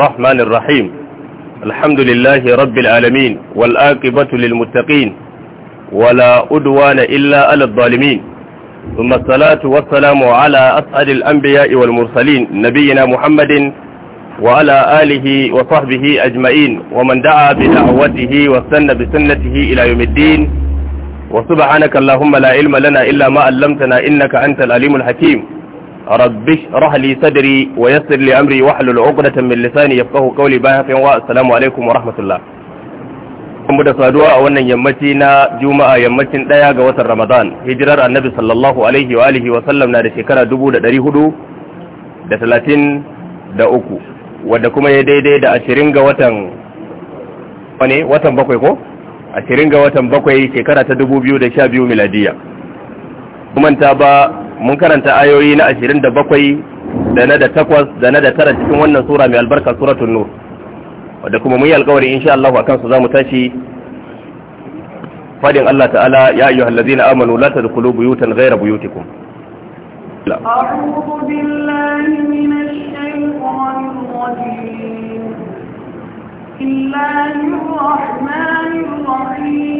الرحمن الرحيم الحمد لله رب العالمين والآقبة للمتقين ولا أدوان إلا على الظالمين ثم الصلاة والسلام على أسعد الأنبياء والمرسلين نبينا محمد وعلى آله وصحبه أجمعين ومن دعا بدعوته واستنى بسنته إلى يوم الدين وسبحانك اللهم لا علم لنا إلا ما علمتنا إنك أنت العليم الحكيم rabbi shrah li sadri wa yassir li amri wahlul 'uqdatan min lisani yafqahu qawli bayan wa assalamu alaikum wa rahmatullah mu da saduwa a wannan yammaci na juma'a yammacin daya ga watan ramadan hijirar annabi sallallahu alaihi wa alihi wa sallam na da shekara dubu da dari hudu da talatin da uku wadda kuma ya daidai da ashirin ga watan wane watan bakwai ko ashirin ga watan bakwai shekara ta dubu biyu da sha biyu miladiya kumanta ba mun karanta ayoyi na 27 da na da takwas da na da tara cikin wannan sura mai albarka suratun nur wadda kuma mun yi alkawari insha Allah akan su zamu tashi fadin Allah ta'ala ya ayyuhal ladzina amanu la tadkhulu buyutan ghayra buyutikum أعوذ بالله من الشيطان الرجيم بسم الله الرحمن الرحيم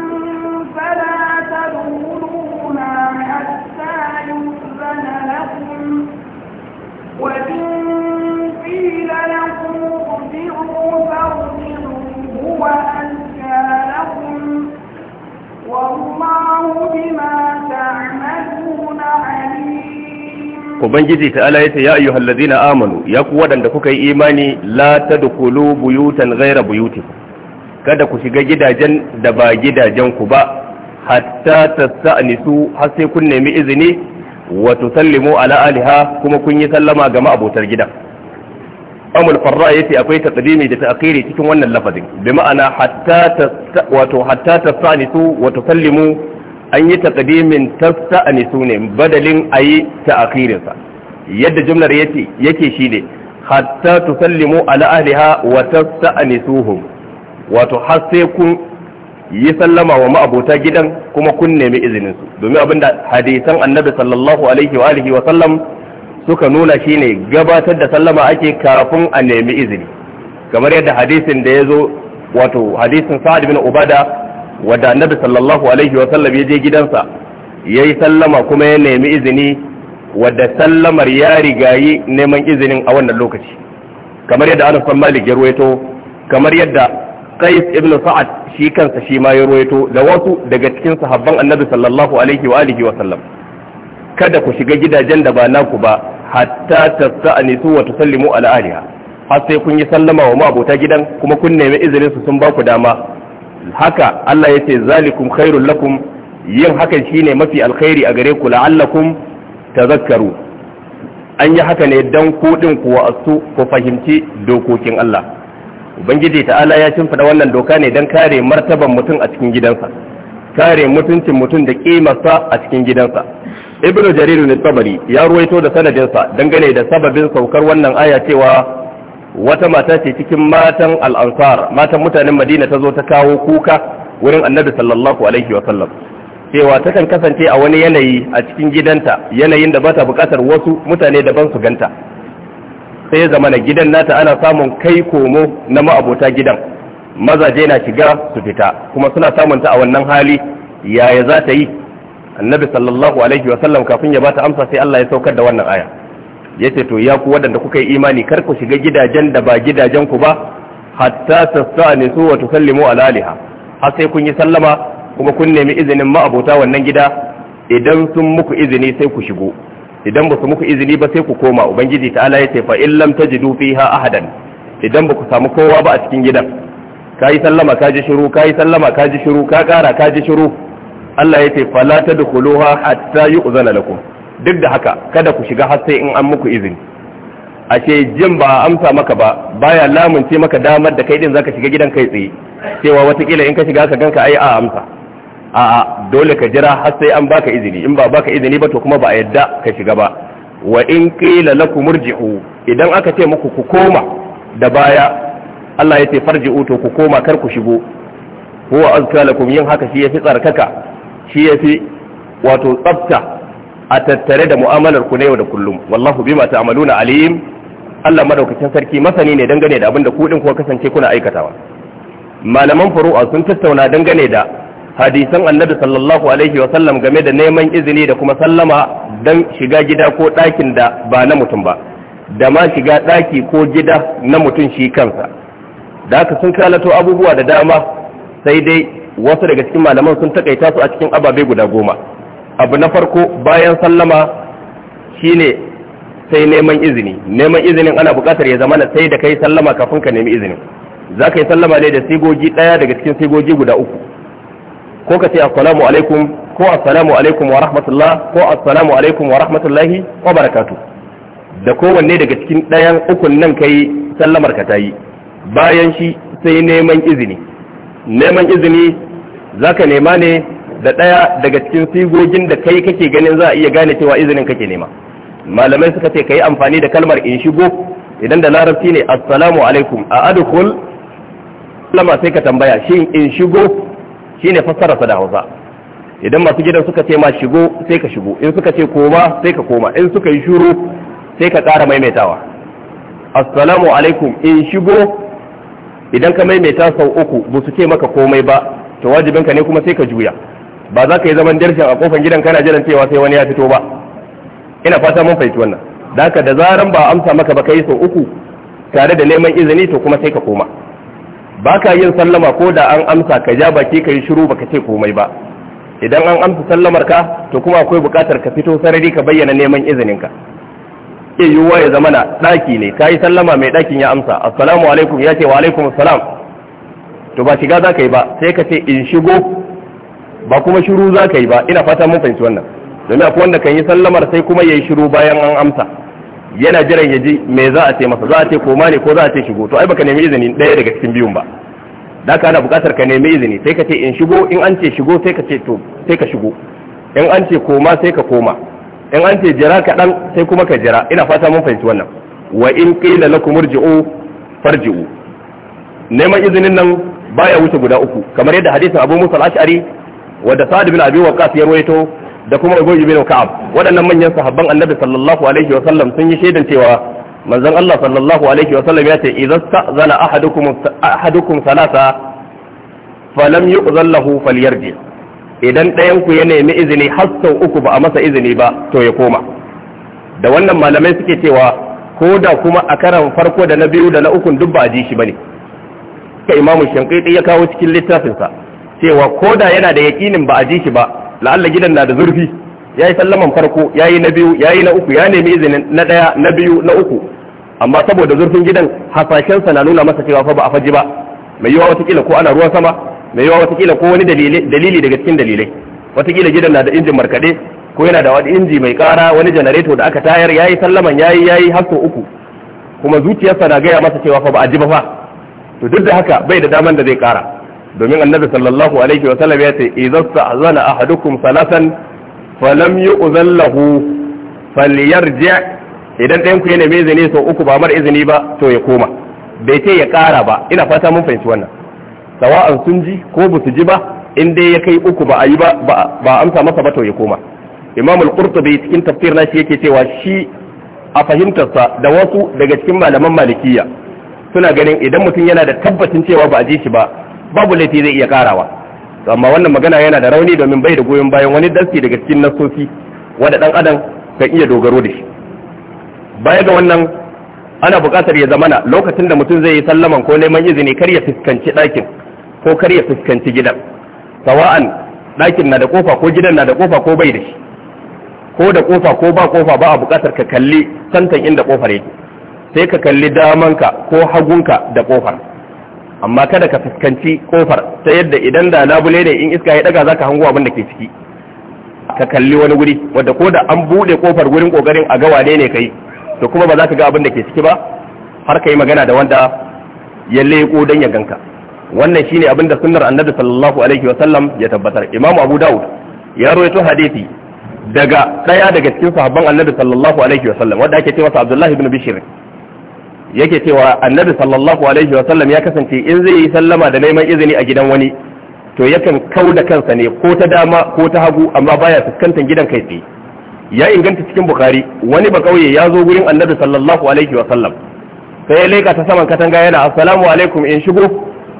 ubangiji ta'ala yace ya ayyuhal ladina amanu ya ku wadanda kuka yi imani la tadkhulu buyutan ghayra buyuti kada ku shiga gidajen da ba gidajen ku ba hatta tasta'nisu har sai kun nemi izini wa tusallimu ala aliha kuma kun yi sallama ga ma'abotar gidan amul farra yace akwai taqdimi da ta'khiri cikin wannan lafazin bi ma'ana hatta wato hatta tasta'nisu wa tusallimu an yi taqdimin tasta anisu ne badalin ayi ta akirinsa yadda jumlar yake yake ne hatta tusallimu ala ahliha wa tasta anisuhum wato har sai kun yi sallama wa ma'abota gidan kuma kun nemi izinin su domin abinda hadisan annabi sallallahu alaihi wa alihi wa sallam suka nuna shine gabatar da sallama ake kafin a nemi izini kamar yadda hadisin da ya zo wato hadisin sa'ad bin ubada wadda annabi sallallahu alaihi wa sallam ya je gidansa ya yi sallama kuma ya nemi izini wadda sallamar ya rigayi neman izinin a wannan lokaci kamar yadda anas bin malik ya ruwaito kamar yadda qais ibn sa'ad shi kansa shi ma ya ruwaito da wasu daga cikin sahabban annabi sallallahu alaihi wa alihi wa sallam kada ku shiga gidajen da ba naku ba hatta tasta'nisu wa tusallimu ala ahliha har sai kun yi sallama wa abota gidan kuma kun nemi izinin su sun ba ku dama haka Allah ya ce, zalikum khairul lakum yin haka shine mafi alkhairi a gare ku la'allakum tazakkaru an yi haka ne dan ku din ku wa'asu ku fahimci dokokin Allah ubangiji ta'ala ya fada wannan doka ne dan kare martaban mutum a cikin gidansa kare mutuncin mutum da kimarsa a cikin gidansa ibnu jarir ne tabari ya ruwaito da sanadinsa dangane da sababin saukar wannan aya cewa wata mata ce cikin matan al'ansar matan mutanen madina ta zo ta kawo kuka wurin annabi sallallahu alaihi wa sallam cewa takan kasance a wani yanayi a cikin gidanta yanayin da ba ta bukatar wasu mutane daban su ganta sai zamana gidan nata ana samun kai komo na ma'abota gidan mazaje na shiga su fita kuma suna samun ta a wannan hali yaya za ta yi annabi sallallahu alaihi wa kafin ya bata amsa sai Allah ya saukar da wannan aya Ya ce to ya ku waɗanda kuka yi imani kar ku shiga gidajen da ba gidajen ku ba hatta su wa tusallimu ala aliha har sai kun yi sallama kuma kun nemi izinin ma'abota wannan gida idan sun muku izini sai ku shigo idan ba su muku izini ba sai ku koma ubangiji ta'ala ce fa in lam tajidu fiha ahadan idan ba ku samu kowa ba a cikin gidan yi sallama ka ji shiru yi sallama ka ji shiru ka kara ka ji shiru Allah yace fala tadkhuluha hatta yu'zana lakum duk da haka kada ku shiga har sai in an muku izini ashe jin ba amsa maka ba baya lamunce maka damar da kai din zaka shiga gidan kai tsaye cewa watakila in ka shiga ka ganka ai a amsa a'a dole ka jira har sai an baka izini in ba baka izini ba to kuma ba a yadda ka shiga ba wa in qila lakum murji'u idan aka ce muku ku koma da baya Allah ya ce farji'u to ku koma kar ku shigo huwa azka lakum yin haka shi yafi tsarkaka shi yafi wato tsafta a tattare da mu'amalar ku na yau da kullum wallahu bima ta'maluna alim Allah madaukakin sarki masani ne dangane da abin da ku din kuka kasance kuna aikatawa malaman furu'a sun tattauna dangane da hadisan annabi sallallahu alaihi wa sallam game da neman izini da kuma sallama dan shiga gida ko ɗakin da ba na mutum ba da ma shiga ɗaki ko gida na mutum shi kansa da haka sun kalato abubuwa da dama sai dai wasu daga cikin malaman sun takaita su a cikin ababe guda goma abu na farko bayan sallama shine sai neman izini neman izinin ana buƙatar ya na sai da kai sallama kafin ka nemi izinin za ka yi sallama ne da sigogi ɗaya daga cikin sigogi guda uku ko ka ce assalamu alaikum ko assalamu alaikum wa rahmatullah ko assalamu alaikum wa rahmatullahi wa barakatu da kowanne daga cikin ɗayan ukun nan kai sallamar ka ta yi bayan shi sai neman izini neman izini za ka nema ne da ɗaya daga cikin sigogin da kai kake ganin za a iya gane cewa izinin kake nema malamai suka ce ka yi amfani da kalmar in shigo idan da larabci ne assalamu alaikum a adukul lama sai ka tambaya shi in shigo ne fassara sa da hausa idan masu gidan suka ce ma shigo sai ka shigo in suka ce koma sai ka koma in suka yi shuru sai ka ƙara maimaitawa assalamu alaikum in shigo idan ka maimaita sau uku ba su ce maka komai ba to wajibinka ne kuma sai ka juya ba za ka yi zaman darshen a kofar gidan kana jiran cewa sai wani ya fito ba ina fata mun fahimci wannan da haka da zaran ba amsa maka ba kai sau uku tare da neman izini to kuma sai ka koma ba ka yin sallama ko da an amsa ka ja baki ka yi shiru ba ka ce komai ba idan an amsa sallamar ka to kuma akwai bukatar ka fito sarari ka bayyana neman izinin ka ke yiwuwa ya zama na ɗaki ne ka yi sallama mai ɗakin ya amsa assalamu alaikum ya ce wa alaikum assalam to ba shiga za ka yi ba sai ka ce in shigo ba kuma shiru za ka yi ba ina fata mun fahimci wannan domin akwai wanda kan yi sallamar sai kuma ya yi shiru bayan an amsa yana jiran ya ji me za a ce masa za a ce koma ne ko za a ce shigo to ai baka nemi izini ɗaya daga cikin biyun ba da ka ana buƙatar ka nemi izini sai ka ce in shigo in an ce shigo sai ka ce to sai ka shigo in an ce koma sai ka koma in an ce jira kaɗan sai kuma ka jira ina fata mun fahimci wannan wa in qila lakum irji'u farji'u neman izinin nan baya wuce guda uku kamar yadda hadisin Abu Musa al-Ash'ari wadda Sa'ad bin Abi Waqqas ya rawaito da kuma Ubay bin Ka'ab waɗannan manyan sahabban Annabi sallallahu alaihi wa sallam sun yi shaidan cewa manzon Allah sallallahu alaihi wa sallam ya ce idza sta'zana ahadukum ahadukum salasa falam yu'zan lahu falyarji idan ɗayan ku ya nemi izini har sau uku ba a masa izini ba to ya koma da wannan malamai suke cewa ko da kuma a karan farko da na biyu da na ukun duk ba a ji shi bane ka imamu shankaiti ya kawo cikin littafinsa cewa koda yana da yaƙinin ba a ji shi ba la'alla gidan na da zurfi ya yi sallaman farko ya yi na biyu ya yi na uku ya nemi izinin na ɗaya na biyu na uku amma saboda zurfin gidan hasashensa na nuna masa cewa fa ba a faji ba mai yiwa watakila ko ana ruwan sama mai yiwa watakila ko wani dalili daga cikin dalilai watakila gidan na da injin markaɗe ko yana da wani inji mai ƙara wani janareto da aka tayar ya yi sallaman ya yi ya yi har uku kuma zuciyarsa na gaya masa cewa fa ba a ji ba fa to duk da haka bai da daman da zai ƙara domin annabi sallallahu alaihi wa sallam ya ce idza sta'zana ahadukum salatan falam yu'zan lahu falyarji idan ɗayan ku yana mai izini sau uku ba mar izini ba to ya koma bai ce ya ƙara ba ina fata mun fahimci wannan sawa'an sun ji ko ba su ji ba in dai ya kai uku ba a yi ba ba amsa masa ba to ya koma imamul qurtubi cikin tafsir na shi yake cewa shi a fahimtarsa da wasu daga cikin malaman malikiya suna ganin idan mutum yana da tabbacin cewa ba a ji shi ba babu laifi zai iya karawa amma wannan magana yana da rauni domin bai da goyon bayan wani darsi daga cikin nasofi wanda dan adam kan iya dogaro da shi baya ga wannan ana buƙatar ya zamana lokacin da mutum zai yi sallaman ko neman izini kar ya fuskanci ɗakin ko kar ya fuskanci gidan sawa'an ɗakin na da kofa ko gidan na da kofa ko bai da shi ko da kofa ko ba kofa ba a buƙatar ka kalli santan inda kofar yake sai ka kalli damanka ko hagunka da kofar amma kada ka fuskanci kofar ta yadda idan da labule ne in iska ya daga zaka hango abin da ke ciki ka kalli wani guri wanda ko an bude kofar gurin kokarin a gawa ne kai to kuma ba za ka ga abin da ke ciki ba har ka yi magana da wanda ya leko dan ya ganka wannan shine abin da sunnar annabi sallallahu alaihi wa sallam ya tabbatar imam abu daud ya rawaito hadisi daga daya daga cikin sahabban annabi sallallahu alaihi wa sallam wanda ake cewa abdullahi ibn bishr yake cewa annabi sallallahu alaihi wa sallam ya kasance in zai yi sallama da neman izini a gidan wani to yakan kau da kansa ne ko ta dama ko ta hagu amma baya fuskantar gidan kai tsaye ya inganta cikin bukari wani ba kauye ya zo gurin annabi sallallahu alaihi wa sallam sai ya leka ta saman katanga yana assalamu alaikum in shigo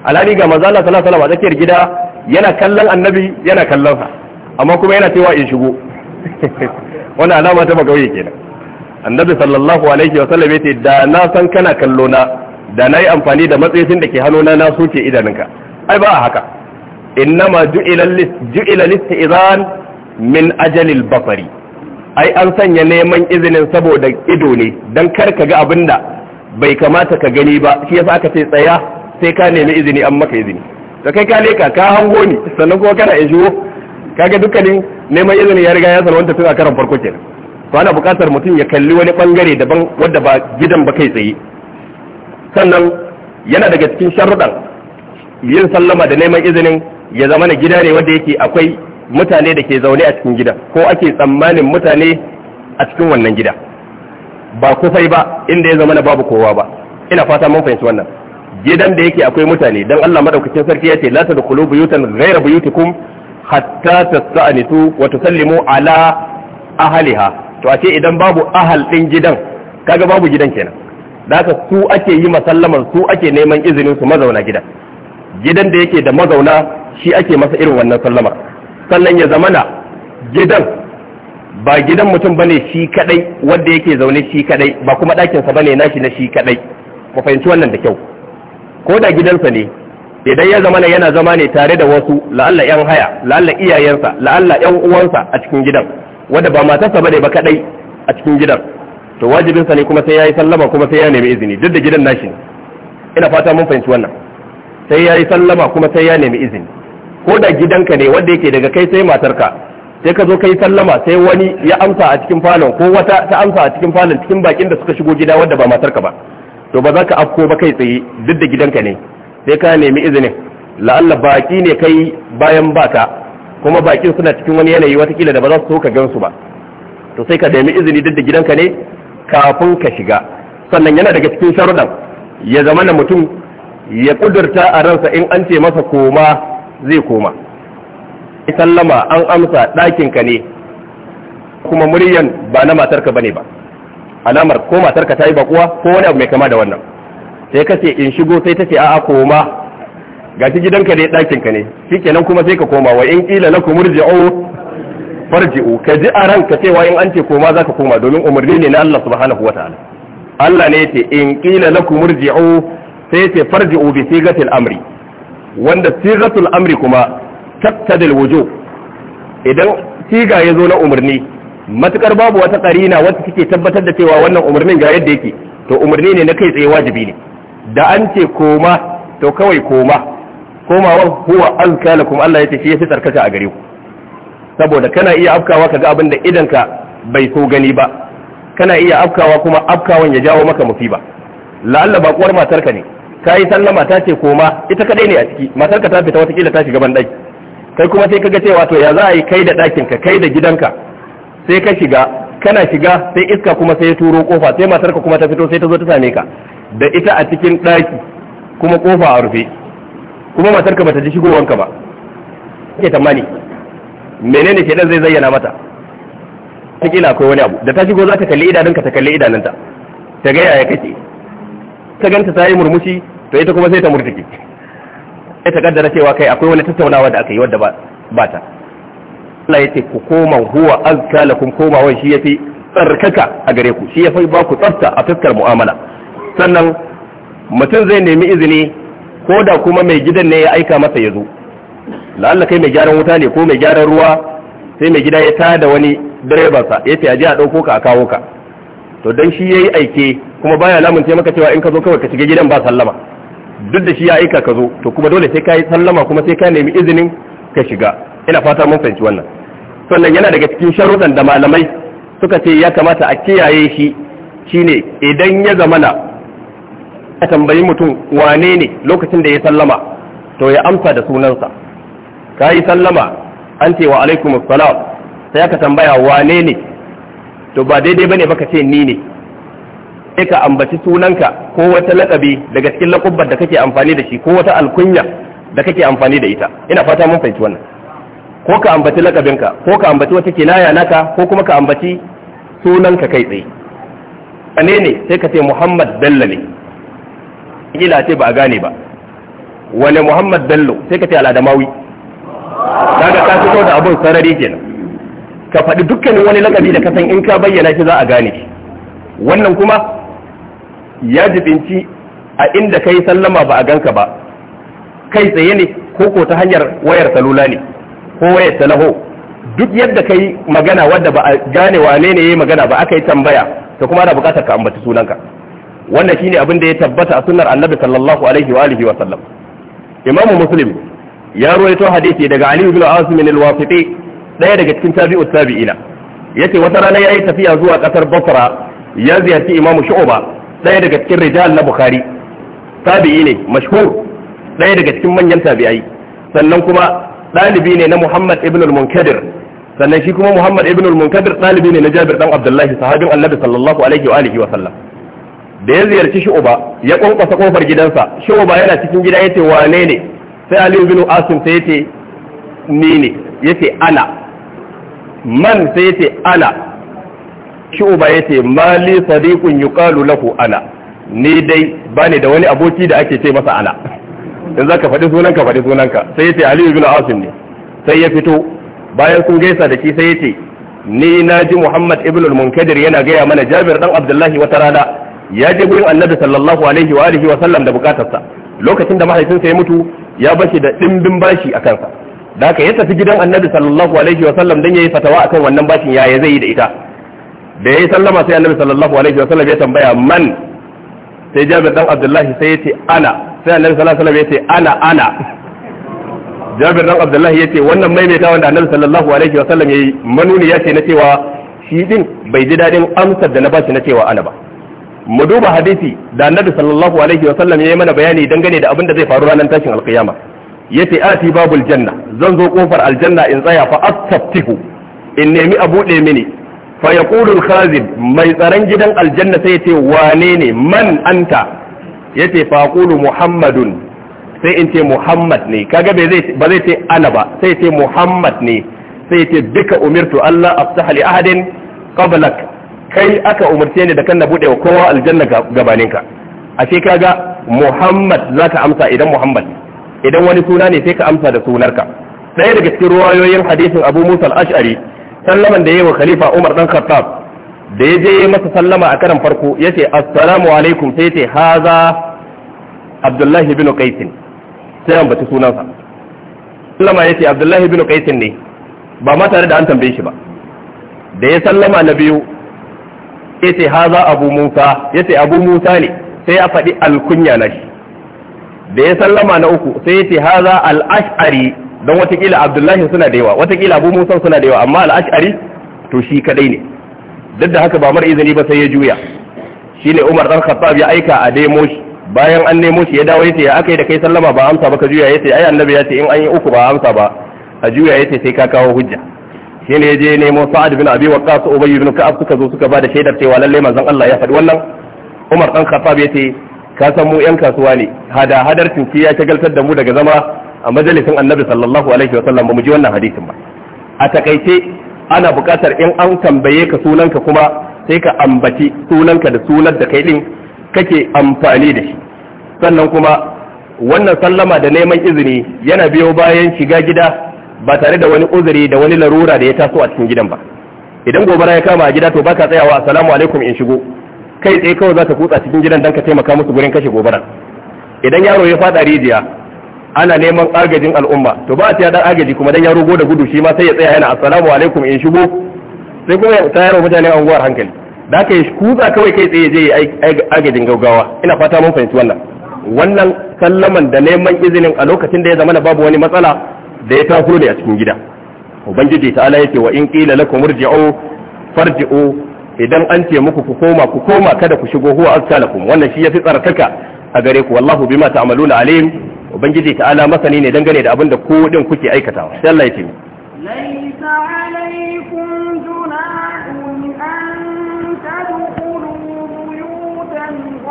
alani ga manzo Allah sallallahu alaihi wa tsakiyar gida yana kallon annabi yana kallon sa amma kuma yana cewa in shigo wannan alama ta ba kauye kenan annabi sallallahu alaihi wa sallam yace da na san kana kallo na da nayi amfani da matsayin da ke hannuna na soke idanunka ai ba haka innama ju'ila list ju'ila list min ajalil basari ai an sanya neman izinin saboda ido ne dan kar ka ga abinda bai kamata ka gani ba shi yasa aka ce tsaya sai ka nemi izini an maka izini da kai ka leka ka hango ni sannan kuma kana ya kaga dukkanin neman izini ya riga ya salwanta tun a karan farko kenan to ana buƙatar mutum ya kalli wani bangare daban wadda ba gidan ba kai tsaye sannan yana daga cikin sharuɗan yin sallama da neman izinin ya zama na gida ne wanda yake akwai mutane da ke zaune a cikin gida ko ake tsammanin mutane a cikin wannan gida ba kufai ba inda ya zama na babu kowa ba ina fata mun fahimci wannan gidan da yake akwai mutane dan Allah madaukakin sarki ya ce la tadkhulu buyutan ghayra buyutikum hatta tasta'nitu wa tusallimu ala ahliha to a ce idan babu ahal ɗin gidan kaga babu gidan kenan da haka su ake yi masallaman su ake neman izinin su mazauna gidan gidan da yake da mazauna shi ake masa irin wannan sallama sannan ya zamana gidan ba gidan mutum bane shi kadai wanda yake zaune shi kadai ba kuma ɗakinsa bane nashi na shi kadai ku fahimci wannan da kyau ko da gidansa ne idan ya zamana yana zama ne tare da wasu la'alla yan haya la'alla iyayensa la'alla yan uwansa a cikin gidan wanda ba matarsa bane ba kadai a cikin gidan to wajibin ne kuma sai yayi sallama kuma sai ya nemi izini duk da gidan nashi ne ina fata mun fahimci wannan sai yayi sallama kuma sai ya nemi izini ko da gidanka ne wanda yake daga kai sai matarka sai ka zo kai sallama sai wani ya amsa a cikin falon ko wata ta amsa a cikin falon cikin bakin da suka shigo gida wanda ba matarka ba to ba za ka afko ba kai tsaye duk da gidanka ne sai ka nemi izinin la'alla baki ne kai bayan baka kuma bakin suna cikin wani yanayi watakila da ba za su so ka gansu ba to sai ka nemi izini duk da gidanka ne kafin ka shiga sannan yana daga cikin sharuɗan ya zama na mutum ya kudurta a ransa in an ce masa koma zai koma sallama an amsa ɗakinka ne kuma muryan ba na matarka bane ba alamar ko matarka ta yi bakuwa ko wani abu mai kama da wannan sai ka ce in shigo sai ta ce a'a koma gashi gidanka ne ɗakinka ne shikenan kuma sai ka koma wa in kila lakum murji'u farji'u ka ji a ranka cewa in an ce koma za ka koma domin umarni ne na Allah subhanahu ta'ala. Allah ne yace in kila ku murji'u sai ce farji'u bi sigatil amri wanda sigatul amri kuma tattadil wujub idan siga ya zo na umarni matukar babu wata karina wacce take tabbatar da cewa wannan umarnin ga yadda yake to umarni ne na kai tsaye wajibi ne da an ce koma to kawai koma komawar huwa azka kuma Allah ya ce shi ya fi tsarkaka a gare ku saboda kana iya afkawa kaga abin da idanka bai so gani ba kana iya afkawa kuma afkawan ya jawo maka musiba la'alla ba kuwar matarka ne Ka yi sallama mata ce koma ita kadai ne a ciki matarka ta fita wata kila ta shiga ban daki kai kuma sai kaga cewa to ya za a yi kai da ɗakinka ka kai da gidanka sai ka shiga kana shiga sai iska kuma sai ya turo kofa sai matarka kuma ta fito sai ta zo ta same ka da ita a cikin ɗaki kuma kofa a rufe kuma matarka bata ji shigowanka ba ke tamani menene dan zai zayyana mata kila akwai wani abu da ta shigo za ta kalli idanunka ta kalli idanunta ta ga yaya kake ta ganta ta yi murmushi to ita kuma sai ta murtuki sai ta kaddara cewa kai akwai wani tattaunawa da aka yi wadda ba ta Allah yace ku koma huwa azka lakum komawan shi yafi tsarkaka a gare ku shi yafi ba ku tsafta a fuskar mu'amala sannan mutum zai nemi izini ko da kuma mai gidan ne ya aika masa ya zo la'alla kai mai gyaran wuta ne ko mai gyaran ruwa sai mai gida ya tada wani direbansa ya ce a ɗauko ka a kawo ka to dan shi yayi aike kuma baya lamunce maka cewa in ka zo kawai ka shiga gidan ba sallama duk da shi ya aika ka zo to kuma dole sai ka yi sallama kuma sai ka nemi izinin ka shiga ina fata mun fahimci wannan sannan yana daga cikin sharuɗan da malamai suka ce ya kamata a kiyaye shi shine idan ya zamana a tambayi mutum wane ne lokacin da ya sallama to ya amsa da sunansa ka yi sallama an ce wa alaikum assalam sai aka tambaya wane ne to ba daidai bane baka ce ni ne sai ka ambaci sunanka ko wata lakabi daga cikin lakubbar da kake amfani da shi ko wata alkunya da kake amfani da ita ina fata mun fahimci wannan ko ka ambaci lakabinka ko ka ambaci wata kinaya naka ko kuma ka ambaci sunanka kai tsaye ne sai ka ce Muhammad Bello ila ce ba a gane ba wani muhammad bello sai ka ce al'adamawi kaga ka fito da abun sarari kenan ka faɗi dukkanin wani lakabi da kasan in ka bayyana shi za a gane shi wannan kuma ya jibinci a inda ka yi sallama ba a ganka ba kai tsaye ne ko ko ta hanyar wayar salula ne ko wayar salaho. duk yadda ka yi magana wadda ba a gane wane ne ya yi magana ba aka yi tambaya to kuma ana bukatar ka ambaci sunanka wannan shine abin da ya tabbata a sunnar annabi sallallahu alaihi wa alihi wa sallam imamu muslim ya ruwaito hadisi daga ali ibn asim al-wasiti daya daga cikin tabi'ut tabi'ina yace wata rana yayi tafiya zuwa kasar basra ya ziyarci imamu shu'ba daya daga cikin rijal na bukhari tabi'i ne mashhur daya daga cikin manyan tabi'ai sannan kuma dalibi ne na muhammad ibn al-munkadir sannan shi kuma muhammad ibn al-munkadir dalibi ne na jabir dan abdullahi sahabin annabi sallallahu alaihi wa alihi wa sallam da ya ziyarci shu'uba ya kwankwasa kofar gidansa shu'uba yana cikin gida yace wane ne sai aliyu bin asim sai yace ni ne yace ana man sai yace ana shu'uba yace mali sadiqun yuqalu lahu ana ni dai bani da wani aboki da ake ce masa ana in zaka faɗi sunanka faɗi sunanka sai yace aliyu bin asim ne sai ya fito bayan sun gaisa da shi sai yace ni na ji muhammad ibn al-munkadir yana gaya mana jabir dan abdullahi wata rana ya je gurin annabi sallallahu alaihi wa alihi wa sallam da bukatarsa lokacin da mahaifinsa ya mutu ya bashi da dimbin bashi a kansa da haka ya tafi gidan annabi sallallahu alaihi wa sallam dan yayi fatawa akan wannan bashin yaya zai yi da ita da yayi sallama sai annabi sallallahu alaihi wa sallam ya tambaya man sai Jabir dan Abdullahi sai ya ce ana sai annabi sallallahu alaihi wa sallam ya ce ana ana Jabir dan Abdullahi ya ce wannan maimaita wanda annabi sallallahu alaihi wa sallam yayi manuni ya ce na cewa shi din bai ji dadin amsar da na bashi na cewa ana ba mu duba hadisi da annabi sallallahu alaihi wa sallam yayi mana bayani dangane da abin da zai faru ranar tashin alkiyama yace ati babul janna zan zo kofar aljanna in tsaya fa astaftihu in nemi a bude mini fa yaqulu khazin mai tsaron gidan aljanna sai yace wane ne man anta yace fa qulu muhammadun sai in ce muhammad ne kaga bai zai ba zai ce ana ba sai ce muhammad ne sai ce duka umirtu allah aftaha li ahadin qablak kai aka umarce ni da kan na bude wa kowa aljanna gabaninka ashe kaga Muhammad za ka amsa idan Muhammad idan wani suna ne sai ka amsa da sunarka ɗaya daga cikin ruwayoyin hadisin Abu Musa al'ashari sallaman da ya yi wa Khalifa Umar dan Khattab da ya je masa sallama a karan farko ya ce assalamu alaikum sai yace haza Abdullahi bin Qais sai an bata sunansa sallama ya ce Abdullahi bin Qais ne ba ma tare da an tambaye shi ba da ya sallama na biyu sai ce haza abu musa ya ce abu musa ne sai ya faɗi alkunya na shi da ya sallama na uku sai ya ce haza al'ash'ari don watakila abdullahi suna da yawa watakila abu musa suna da yawa amma al'ash'ari to shi kadai ne duk da haka ba mar izini ba sai ya juya shine umar dan khattab ya aika a demo shi bayan an nemo shi ya dawo ya ce ya aka yi da kai sallama ba amsa ba ka juya yace ai annabi ya ce in an yi uku ba amsa ba a juya ya ce sai ka kawo hujja shine ya je nemo Sa'ad bin Abi Waqqas Ubay bin Ka'ab suka zo suka bada shaidar cewa lalle manzon Allah ya faɗi wannan Umar dan Khattab ya ce ka san mu yan kasuwa ne hada hadar cinki ya shagaltar da mu daga zama a majalisin Annabi sallallahu alaihi wa sallam ba mu ji wannan hadisin ba a takaice ana buƙatar in an tambaye ka sunanka kuma sai ka ambaci sunanka da sunan da kai din kake amfani da shi sannan kuma wannan sallama da neman izini yana biyo bayan shiga gida ba tare da wani uzuri da wani larura da ya taso a cikin gidan ba idan gobara ya kama a gida to baka tsayawa assalamu alaikum in shigo kai tsaye kawai zaka kutsa cikin gidan dan ka taimaka musu gurin kashe gobara idan yaro ya fada rijiya ana neman agajin al'umma to ba a tsaya dan agaji kuma dan yaro da gudu shi ma sai ya tsaya yana assalamu alaikum in shigo sai kuma ya tayar mutane unguwar hankali da aka yi kutsa kawai kai tsaye je agajin gaggawa ina fata mun fahimci wannan wannan sallaman da neman izinin a lokacin da ya zama babu wani matsala da ya taso ne a cikin gida ubangiji ta'ala yake wa in qila lakum irji'u farji'u idan an ce muku ku koma ku koma kada ku shigo huwa azkalakum wannan shi yafi tsarkaka a gare ku wallahu bima ta'maluna alim ubangiji ta'ala masani ne dangane da abin da ku din kuke aikatawa sai Allah ya ce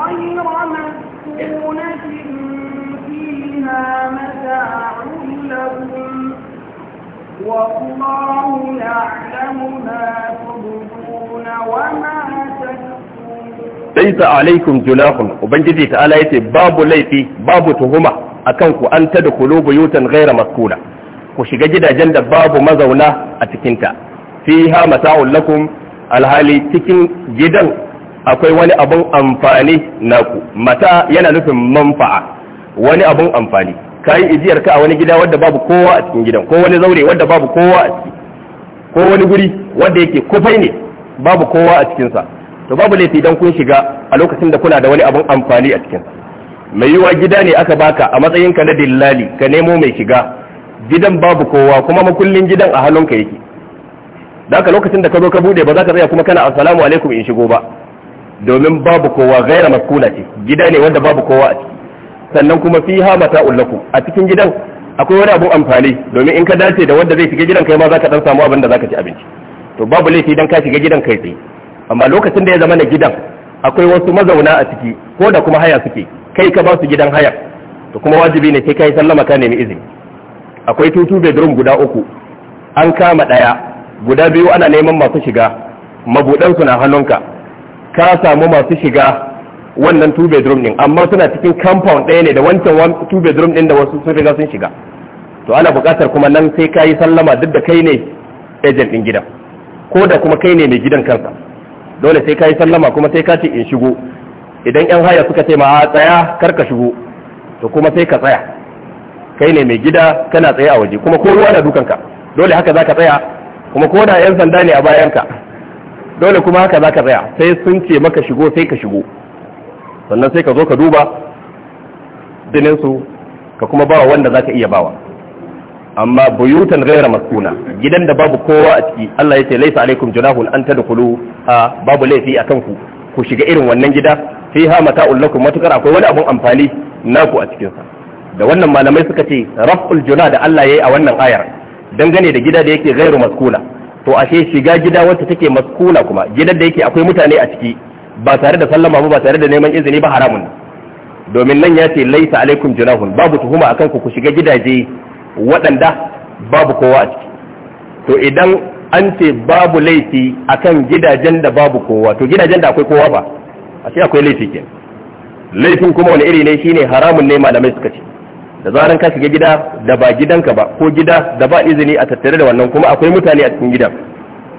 غير مسكونة فيها متاع بينهم والله يعلم ما تبدون وما alaikum junahun ubangiji ta'ala yace babu laifi babu tuhuma akan ku an tadkhulu buyutan gaira maskuna ku shiga gidajen da babu mazauna a cikinta, fi fiha mata'un lakum alhali cikin gidan akwai wani abun amfani naku mata yana nufin manfa'a wani abun amfani ka yi ijiyar ka a wani gida wanda babu kowa a cikin gidan ko wani zaure wanda babu kowa a ciki ko wani guri wanda yake kufai ne babu kowa a cikinsa to babu laifi idan kun shiga a lokacin da kuna da wani abun amfani a cikin mai yiwa gida ne aka baka a matsayin ka na dillali ka nemo mai shiga gidan babu kowa kuma makullin gidan a hannunka yake da ka lokacin da ka zo ka bude ba za ka tsaya kuma kana assalamu alaikum in shigo ba domin babu kowa gaira maskula ce gida ne wanda babu kowa a ciki sannan kuma fi ha mata ullaku a cikin gidan akwai wani abun amfani domin in ka dace da wanda zai shiga gidan kai ma zaka dan samu abin da zaka ci abinci to babu laifi dan ka shiga gidan kai sai amma lokacin da ya zama na gidan akwai wasu mazauna a ciki ko da kuma haya suke kai ka ba su gidan haya to kuma wajibi ne sai kai sallama ka nemi izini akwai tutu bedroom guda uku an kama daya guda biyu ana neman masu shiga mabudan su na hannunka ka samu masu shiga wannan two bedroom din amma suna cikin compound ɗaya ne da wancan two bedroom din da wasu sun riga sun shiga to ana buƙatar kuma nan sai ka yi sallama duk da kai ne agent din gidan ko da kuma kai ne mai gidan kansa dole sai ka yi sallama kuma sai ka ce in shigo idan yan haya suka ce ma a tsaya kar ka shigo to kuma sai ka tsaya kai ne mai gida kana tsaye a waje kuma ko ruwa na dukanka dole haka zaka tsaya kuma ko da yan sanda ne a bayanka dole kuma haka zaka tsaya sai sun ce maka shigo sai ka shigo sannan sai ka zo ka duba bininsu ka kuma bawa wanda za ka iya bawa amma buyutan gaira maskuna gidan da babu kowa a ciki Allah ya ce laisa alaikum junahun an tadkhulu a babu laifi a kanku ku shiga irin wannan gida fiha mata'ul lakum matukar akwai wani abun amfani naku a cikin sa da wannan malamai suka ce raf'ul juna da Allah yayi a wannan ayar dangane da gida da yake gairu maskuna to ashe shiga gida wacce take maskuna kuma gidan da yake akwai mutane a ciki ba tare da sallama ba tare da neman izini ba haramun domin nan ya ce laisa alaikum junahun babu tuhuma akan ku ku shiga gidaje waɗanda babu kowa a ciki to idan an ce babu laifi akan gidajen da babu kowa to gidajen da akwai kowa ba a ce akwai laifi ke laifin kuma wani iri ne shine haramun ne malamai suka ce da zaran ka shiga gida da ba gidanka ba ko gida da ba izini a tattare da wannan kuma akwai mutane a cikin gidan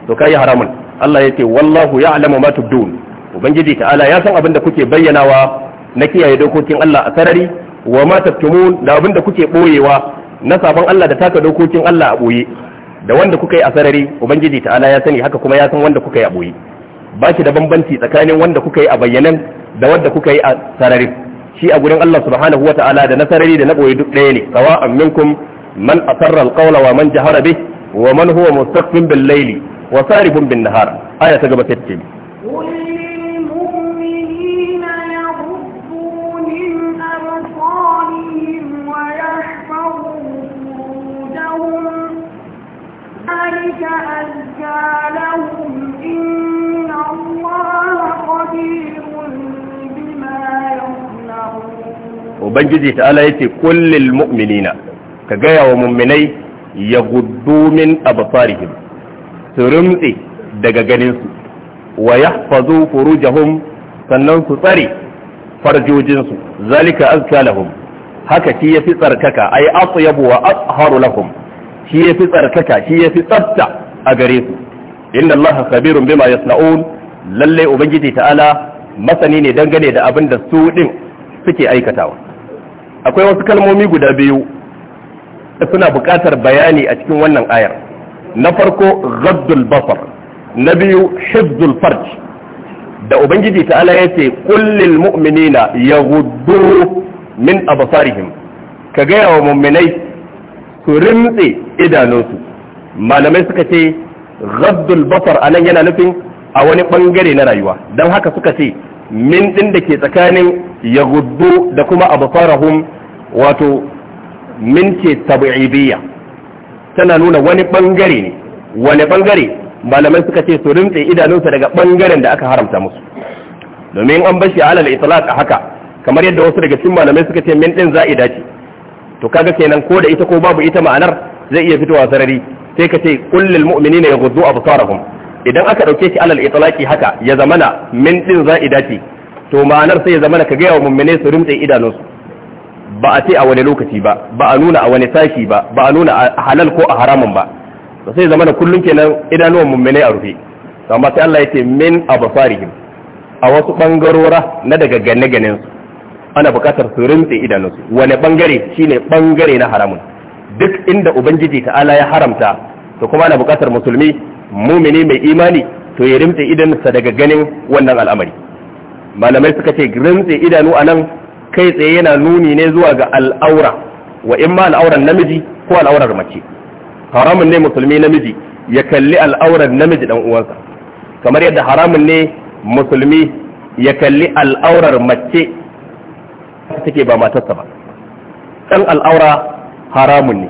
to kai haramun Allah ya ce wallahu ya'lamu ma tubdun ubangiji ta'ala ya san abin da kuke bayyanawa na kiyaye dokokin Allah a sarari wa ma da abin da kuke boyewa na sabon Allah da taka dokokin Allah a boye da wanda kuka yi a sarari ubangiji ta'ala ya sani haka kuma ya san wanda kuka yi a boye ba shi da bambanci tsakanin wanda kuka yi a bayyanan da wanda kuka yi a sarari shi a gurin Allah subhanahu wa ta'ala da na sarari da na boye duk ɗaya ne sawa'an minkum man asarra alqawla wa man jahara bih wa man huwa mustaqbil bil layli wa saribun bin nahar aya ta gaba sai ذلك أزكى لهم إن الله قدير بما يصنعون وبنجزي تعالى يتي كل المؤمنين كجاية ومؤمني يغضوا من أبصارهم سرمتي daga ganinsu wa ya fazo furujahum sannan su tsare farjojinsu zalika azka lahum haka shi yafi tsarkaka ay atyabu wa azharu lahum shi ya fi tsarkaka shi fi tsafta a gare su inna Allah khabirun bima yasnaun lalle ubangiji ta'ala masani ne dangane da abin da su din suke aikatawa akwai wasu kalmomi guda biyu suna buƙatar bayani a cikin wannan ayar na farko raddul basar na biyu hifzul farj da ubangiji ta'ala ya ce kullil mu'minina yaghuddu min absarihim ka gaya wa mu'minai su rintse idanunsu malamai suka ce ghaddul basar anan yana nufin a wani bangare na rayuwa don haka suka ce min din da ke tsakanin ya da kuma absarahum wato min ce tabi'ibiyya tana nuna wani bangare ne wani bangare malamai suka ce su rintse idanunsa daga bangaren da aka haramta musu domin an bashi alal itlaq haka kamar yadda wasu daga cikin malamai suka ce min din za'i dace. to kaga kenan ko da ita ko babu ita ma'anar zai iya fitowa sarari sai ka ce kullil mu'minina yaghuddu absarahum idan aka dauke shi alal itlaqi haka ya zamana min din za'idati to ma'anar sai ya zamana ka gaya wa mu'mine su rimtsa idanunsu ba a ce a wani lokaci ba ba a nuna a wani sashi ba ba a nuna a halal ko a haramun ba to sai zamana kullun kenan idanuwan mu'mine a rufe amma sai Allah ya ce min absarihim a wasu bangarora na daga gane-ganen su ana buƙatar su rintse idanunsu wani bangare shine bangare na haramun duk inda ubangiji ta'ala ya haramta to kuma ana buƙatar musulmi mumini mai imani to ya rintse idanunsa daga ganin wannan al'amari malamai suka ce rintse idanu anan kai tsaye yana nuni ne zuwa ga al'aura wa in ma al'auran namiji ko al'aurar mace haramun ne musulmi namiji ya kalli al'aurar namiji dan uwansa kamar yadda haramun ne musulmi ya kalli al'aurar mace take ba matarsa ba dan al'aura haramun ne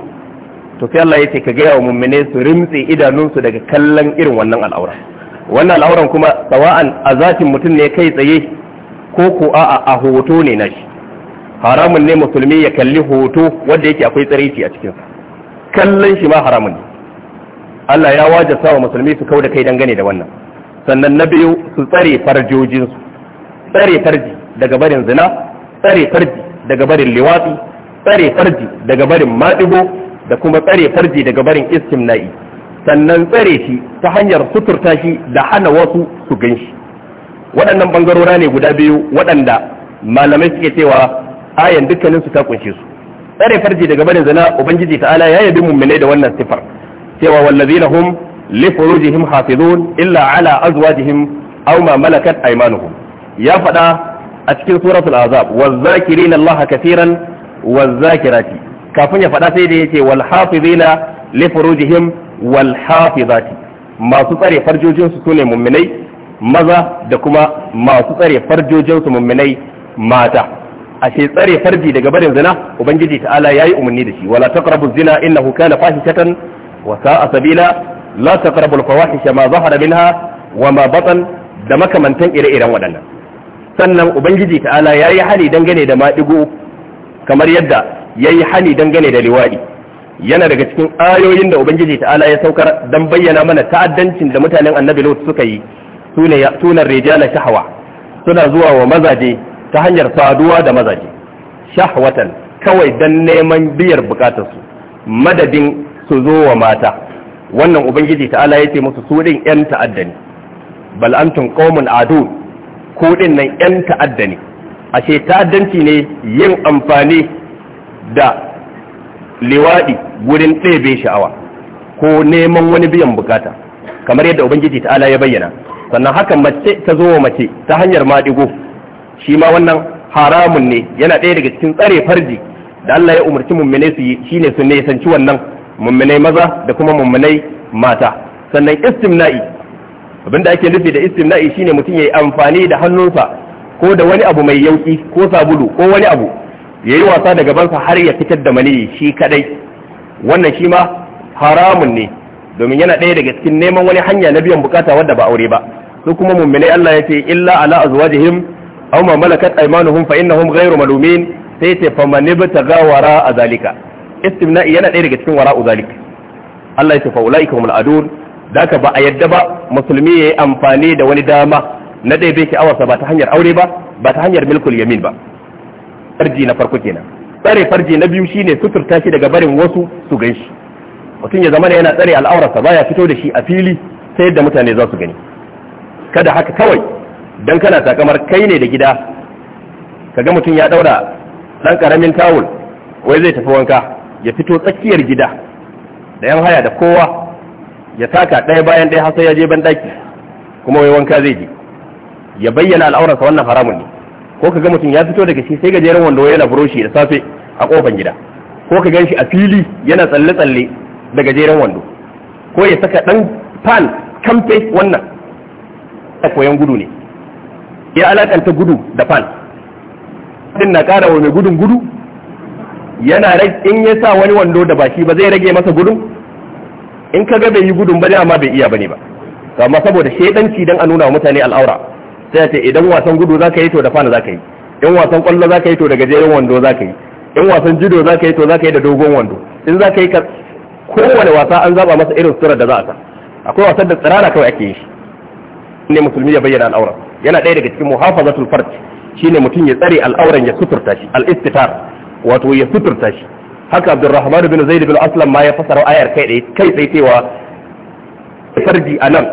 to sai Allah ce ka gaya wa mummune su rimtse idanunsu daga kallon irin wannan al'aura wannan al'auran kuma sawa'an a zafin mutum ne kai tsaye ko ko a'a a hoto ne na shi haramun ne musulmi ya kalli hoto wanda yake akwai tsaraici a cikin sa kallon shi ma haramun ne Allah ya sa wa musulmi su kauda kai dangane da wannan sannan na biyu su tsare farjojinsu tsare farji daga barin zina tsare farji daga barin liwatsi tsare farji daga barin maɗigo da kuma tsare farji daga barin istimna'i sannan tsare shi ta hanyar suturta shi da hana wasu su gan shi waɗannan bangarora ne guda biyu waɗanda malamai suke cewa ayan dukkaninsu ta kunshe su tsare farji daga barin zina ubangiji ta'ala ya yabi mumminai da wannan sifar cewa wallazina hum li furujihim hafizun illa ala azwajihim aw ma malakat aymanuhum ya faɗa a cikin suratul azab wazzakirina Allah kaseeran wazakiraci kafin ya faɗa sai da yace wal hafizina li furujihim wal hafizati masu tsare farjojin su sune mu'minai maza da kuma masu tsare farjojin su mu'minai mata ashe tsare farji daga barin zina ubangiji ta'ala yayi umarni da shi wala taqrabu zina innahu kana fahishatan wa sa'a sabila la taqrabu al fawahisha ma zahara minha wa ma batan da makamantan ire-iren waɗannan sannan ubangiji ta'ala ya yi hali dangane da maɗigo kamar yadda ya yi hali dangane da liwaɗi yana daga cikin ayoyin da ubangiji ta'ala ya saukar don bayyana mana ta'addancin da mutanen annabi lot suka yi sunan rijala shahawa suna zuwa wa mazaje ta hanyar saduwa da mazaje shahwatan kawai don neman biyar bukatarsu madadin su zo wa mata wannan ubangiji ta'ala ya ce musu su ɗin 'yan ta'adda ne bal'antun qaumun adun kudin nan yan ta'adda ne ashe ta'addanci ne yin amfani da liwaɗi wurin ɗebe sha'awa ko neman wani biyan bukata kamar yadda ubangiji ta'ala ya bayyana sannan haka mace ta zo mace ta hanyar maɗigo shi ma wannan haramun ne yana ɗaya daga cikin tsare farji da Allah ya umarci mummune su yi shine su ne wannan mummunai maza da kuma mummunai mata sannan istimna'i abinda ake nufi da istimna'i shine mutum yayi amfani da hannunsa ko da wani abu mai yauki ko sabulu ko wani abu yayi wasa da gabansa har ya fitar da maniyi shi kadai wannan shi ma haramun ne domin yana ɗaya daga cikin neman wani hanya na biyan bukata wadda ba aure ba su kuma mumminai Allah ya ce illa ala azwajihim aw ma malakat aymanuhum fa innahum ghayru malumin sai ce fa man ibtaga wara azalika istimna'i yana ɗaya daga cikin wara'u zalik Allah ya ce fa ulaika humul adun da ba a yadda ba musulmi ya yi amfani da wani dama na ɗaya bai sha'awarsa ba ta hanyar aure ba ba ta hanyar milkul yamin ba farji na farko kenan tsare farji na biyu shine suturta shi daga barin wasu su gan shi mutum ya zama yana tsare al'aurarsa baya fito da shi a fili ta yadda mutane za su gani kada haka kawai dan kana takamar kai ne da gida ka ga mutum ya daura dan karamin tawul wai zai tafi wanka ya fito tsakiyar gida da yan haya da kowa ya taka ɗaya bayan ɗaya har sai ya je ban daki kuma wai wanka zai je ya bayyana al'aurarsa wannan haramun ne ko ka ga mutum ya fito daga shi sai gajeren wando yana buroshi da safe a kofar gida ko ka gan a fili yana tsalle tsalle da gajeren wando ko ya saka ɗan fan kamfe wannan a koyan gudu ne ya alakanta gudu da pan din na kara wa mai gudun gudu yana in ya sa wani wando da ba shi ba zai rage masa gudun in kaga bai yi gudun bane amma bai iya bane ba to amma saboda shedanci dan a nuna wa mutane al'aura sai ce idan wasan gudu zaka yi to da fana zaka yi in wasan kwallo zaka yi to da gajeren wando zaka yi in wasan judo zaka yi to zaka yi da dogon wando in zaka yi ka kowane wasa an zaba masa irin surar da za a sa akwai wasan da tsirara kawai ake yi ne musulmi ya bayyana al'aura yana ɗaya daga cikin muhafazatul farj shine mutum ya tsare al'auran ya suturta shi al-istitar wato ya suturta shi haka abdulrahman bin zaid bin aslam ma ya fasara ayar kai tsaye kai tsaye cewa farji anan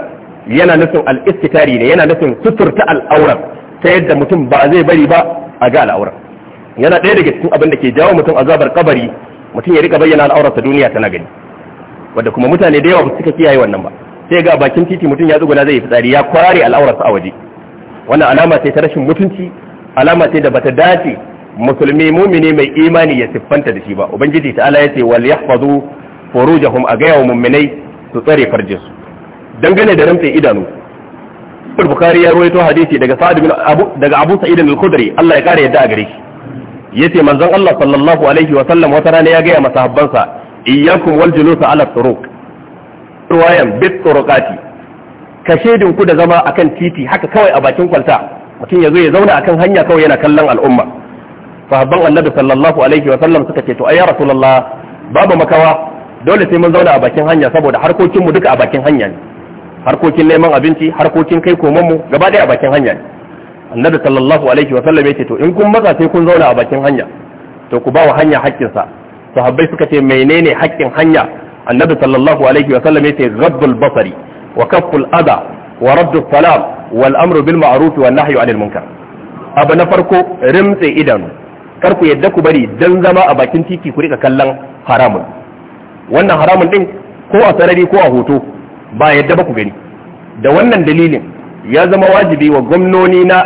yana nufin al-istitari ne yana nufin suturta al'auran ta yadda mutum ba zai bari ba a ga al'auran yana ɗaya daga cikin abin da ke jawo mutum azabar kabari mutum ya rika bayyana al'aurarsa duniya tana gani wanda kuma mutane da yawa ba suka kiyaye wannan ba sai ga bakin titi mutum ya tsuguna zai yi fitsari ya kwarare al'aurarsa a waje wannan alama ce ta rashin mutunci alama ce da bata dace musulmi mumini mai imani ya siffanta da shi ba ubangiji ta'ala yace wal yahfazu furujahum a gaya wa mumminai su tsare farjinsu dangane da ramtsin idanu Bukhari ya rawaito hadisi daga Sa'ad bin Abu daga Abu Sa'id al-Khudri Allah ya kare yadda a gare shi yace manzon Allah sallallahu alaihi wa sallam wata rana ya gaya masahabbansa iyyakum wal julusa ala turuq ruwayan bit turuqati ka shedin ku da zama akan titi haka kawai a bakin kwalta mutum ya zo ya zauna akan hanya kawai yana kallon al'umma sahabban annabi sallallahu alaihi wa sallam suka ce to ayya rasulullah babu makawa dole sai mun zauna a bakin hanya saboda harkokin mu duka a bakin hanya ne harkokin neman abinci harkokin kai koman mu gaba ɗaya a bakin hanya ne annabi sallallahu alaihi wa sallam yace to in kun matsa sai kun zauna a bakin hanya to ku ba wa hanya haƙƙin sa sahabbai suka ce menene haƙƙin hanya annabi sallallahu alaihi wa sallam yace ghabbul basari wa kafful adha wa raddus salam wal amru bil ma'ruf wa nahyu anil munkar abu na farko rimtse idanu kar ku yadda ku bari dan zama a bakin titi ku rika kallon haramun wannan haramun din ko a sarari ko a hoto ba yadda ba ku gani da wannan dalilin ya zama wajibi wa gwamnoni na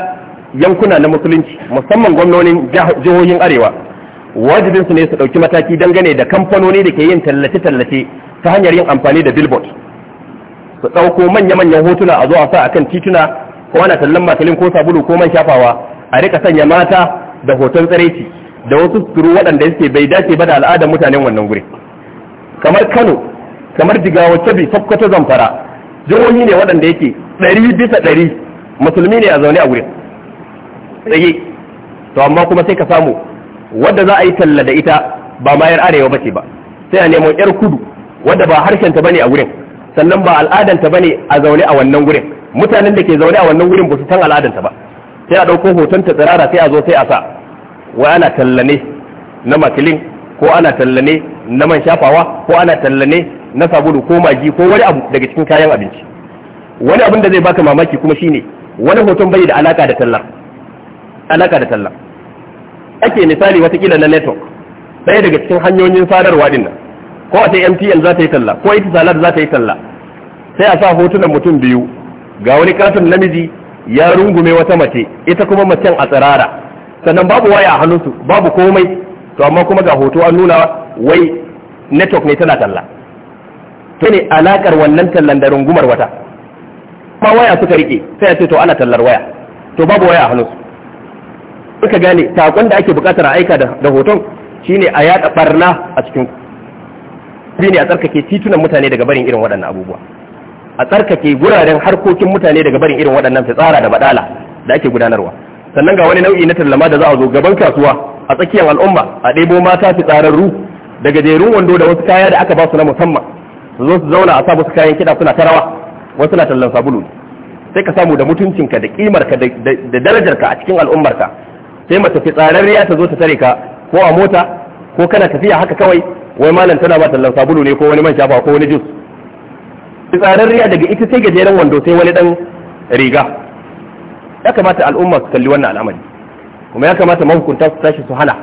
yankuna na musulunci musamman gwamnonin jihohin arewa wajibin su ne su ɗauki mataki dangane da kamfanoni da ke yin tallace-tallace ta hanyar yin amfani da billboard su ɗauko manya-manyan hotuna a zo a sa akan tituna ko ana tallan makalin ko sabulu ko man shafawa a rika sanya mata da hoton tsaraici da wasu suturu waɗanda yake bai dace ba da al'adar mutanen wannan guri kamar kano kamar jigawa kebbi sokoto zamfara jihohi ne waɗanda yake ɗari bisa ɗari musulmi ne a zaune a wurin tsaye to amma kuma sai ka samu wadda za a yi talla da ita ba ma yar arewa ce ba sai a nemo yar kudu wadda ba harshen ta bane a wurin sannan ba al'adanta bane a zaune a wannan gurin mutanen da ke zaune a wannan gurin ba su san al'adanta ba sai a ɗauko hoton ta tsirara sai a zo sai a sa wa ana tallane na makilin ko ana tallane na man shafawa ko ana tallane na sabulu ko magi ko wani abu daga cikin kayan abinci wani abin da zai baka mamaki kuma shine wani hoton bai da alaka da tallar alaka da tallar ake misali watakila na network ɗaya daga cikin hanyoyin sadarwa din nan ko sai MTN za ta yi talla ko ita za ta yi talla sai a sa hotunan mutum biyu ga wani katon namiji ya rungume wata mace ita kuma macen a tsirara sannan babu waya a hannunsu babu komai to amma kuma ga hoto an nuna wai network ne tana talla to ne alakar wannan tallan da rungumar wata ba waya suka rike sai ya ce to ana tallar waya to babu waya a hannunsu ka gane takon da ake bukatar aika da hoton shine a yada barna a cikin ku ne a tsarkake titunan mutane daga barin irin waɗannan abubuwa a tsarkake guraren harkokin mutane daga barin irin waɗannan fitsara da baɗala da ake gudanarwa sannan ga wani nau'i na tallama da za a zo gaban kasuwa a tsakiyar al'umma a ɗebo mata fitsararru da gajerun wando da wasu kaya da aka ba su na musamman su zo su zauna a sa musu kayan kiɗa suna tarawa rawa wasu na tallan sabulu sai ka samu da mutuncinka da kimarka da darajarka a cikin al'ummarka sai mace fitsararriya ta zo ta tare ka ko a mota ko kana tafiya haka kawai wai malam tana ba tallan sabulu ne ko wani man shafa ko wani jus fitsararriya daga ita sai gajeren wando sai wani dan riga ya kamata al'umma su kalli wannan al'amari kuma ya kamata mahukunta su tashi su hana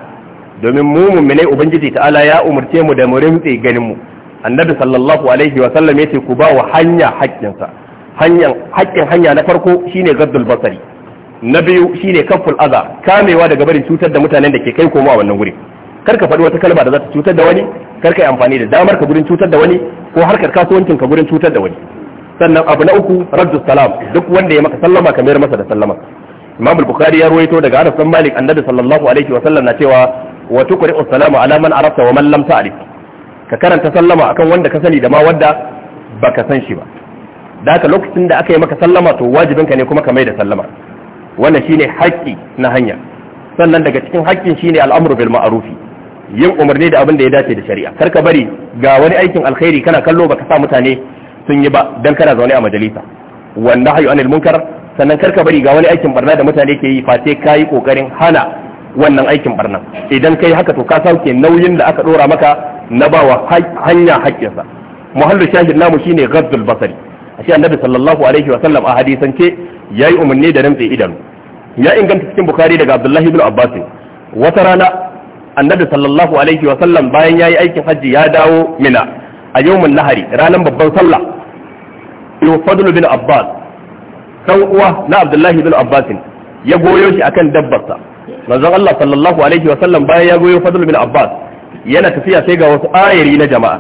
domin mu mumminai ubangiji ta'ala ya umurce mu da mu rintse ganin mu annabi sallallahu alaihi wa sallam yace ku ba wa hanya haƙƙinsa hanyar haƙƙin hanya na farko shine gaddul basari na biyu shine kaful aza kamewa daga barin cutar da mutanen da ke kai komo a wannan wuri kar ka faɗi wata kalma da za ta cutar da wani kar ka yi amfani da damar ka gurin cutar da wani ko harkar kasuwancin ka gurin cutar da wani sannan abu na uku raddu salam duk wanda ya maka sallama ka mayar masa da sallama imam bukhari ya ruwaito daga anas bin malik annabi sallallahu alaihi wa sallam na cewa wa tuqri'u salamu ala man arafta wa man lam ta'rif ka karanta sallama akan wanda ka sani da ma wanda baka san shi ba da haka lokacin da aka yi maka sallama to wajibinka ne kuma ka mai da sallama wannan shine haƙƙi na hanya sannan daga cikin haƙƙin shine al'amru bil ma'rufi yin umarni da abin da ya dace da shari'a kar ka bari ga wani aikin alkhairi kana kallo baka sa mutane sun yi ba dan kana zaune a majalisa wanda hayu anil munkar sannan kar ka bari ga wani aikin barna da mutane ke yi face kai kokarin hana wannan aikin barna idan kai haka to ka sauke nauyin da aka dora maka na bawa hanya haƙƙinsa muhallu shahid namu shine ghaddul basari ashe annabi sallallahu alaihi wa sallam a hadisance yayi umarni da rantsi idanu ya inganta cikin bukhari daga abdullahi ibn abbas wata rana annabi sallallahu alaihi wa sallam bayan yayi aikin hajji ya dawo mina a yawmin nahari ranar babban sallah yo fadlu bin abbas dan uwa na abdullahi bin abbas ya goyo shi akan dabbarsa manzon Allah sallallahu alaihi wa sallam bayan ya goyo fadlu bin abbas yana tafiya sai ga wasu ayari na jama'a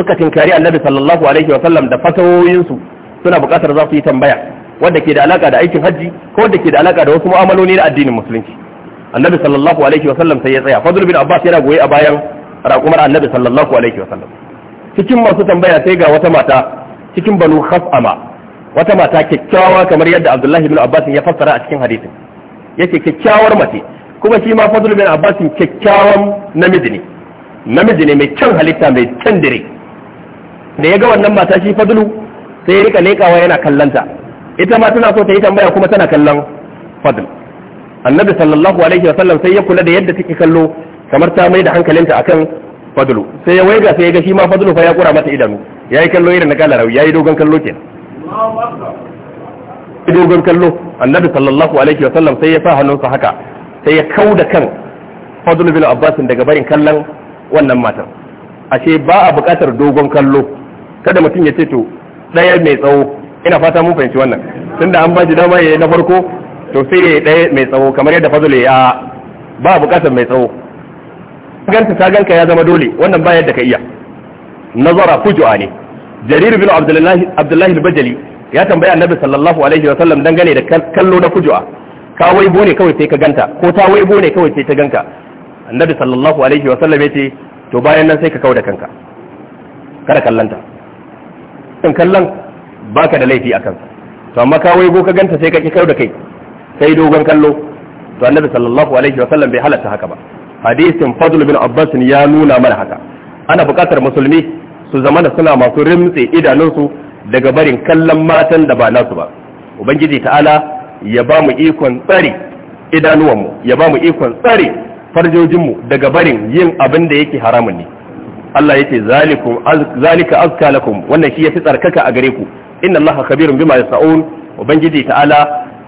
suka tinkari annabi sallallahu alaihi wa sallam da fatawoyinsu suna buƙatar za su yi tambaya wanda ke da alaka da aikin hajji ko wanda ke da alaka da wasu mu'amaloni na addinin musulunci annabi sallallahu alaihi wa sallam sai ya tsaya fadl bin abbas yana goye a bayan raƙumar annabi sallallahu alaihi wa sallam cikin masu tambaya sai ga wata mata cikin banu khas'ama wata mata kyakkyawa kamar yadda abdullahi bin abbas ya fassara a cikin hadisin yake kyakkyawar mace kuma shi ma fadl bin abbas kyakkyawan namiji ne namiji ne mai kyan halitta mai kyan dire da ya ga wannan mata shi fadlu sai ya rika lekawa yana kallanta ita ma tana so ta yi tambaya kuma tana kallon fadl annabi sallallahu alaihi wa sallam sai ya kula da yadda take kallo kamar ta mai da hankalinta akan fadlu sai ya waiga sai ya ga shi ma fadlu fa ya kura mata idanu yayi kallo irin na galarau yayi dogon kallo kenan dogon kallo annabi sallallahu alaihi wa sallam sai ya sa hannunsa haka sai ya kauda kan fadlu bin abbas daga barin kallon wannan matar ashe ba a buƙatar dogon kallo kada mutum ya ce to ɗaya mai tsawo ina fata mun fahimci wannan tunda an ba shi dama ya na farko to sai ya ɗaya mai tsawo kamar yadda fazul ya ba bukatar mai tsawo ganta ta ganka ya zama dole wannan ba yadda ka iya nazara fujua ne jarir bin abdullahi bajali ya tambaya annabi sallallahu alaihi wa sallam dangane da kallo na fujua ka waibo ne kawai sai ka ganta ko ta waibo ne kawai sai ta ganka annabi sallallahu alaihi wa sallam yace to bayan nan sai ka kauda kanka kada kallanta in kallon baka da laifi akan to amma ka waibo ka ganta sai ka ki kauda kai sai dogon kallo to annabi sallallahu alaihi wa sallam bai halatta haka ba hadisin fadl bin abbas ya nuna mana haka ana buƙatar musulmi su zamana suna masu rimtse idanunsu daga barin kallon matan da ba nasu ba ubangiji ta'ala ya ba mu ikon tsari idanuwanmu ya ba mu ikon tsari farjojinmu daga barin yin abin da yake haramun ne Allah ya zalikum zalika azka lakum wannan shi yafi tsarkaka a gare ku inna Allah khabirun bima yasaun ubangiji ta'ala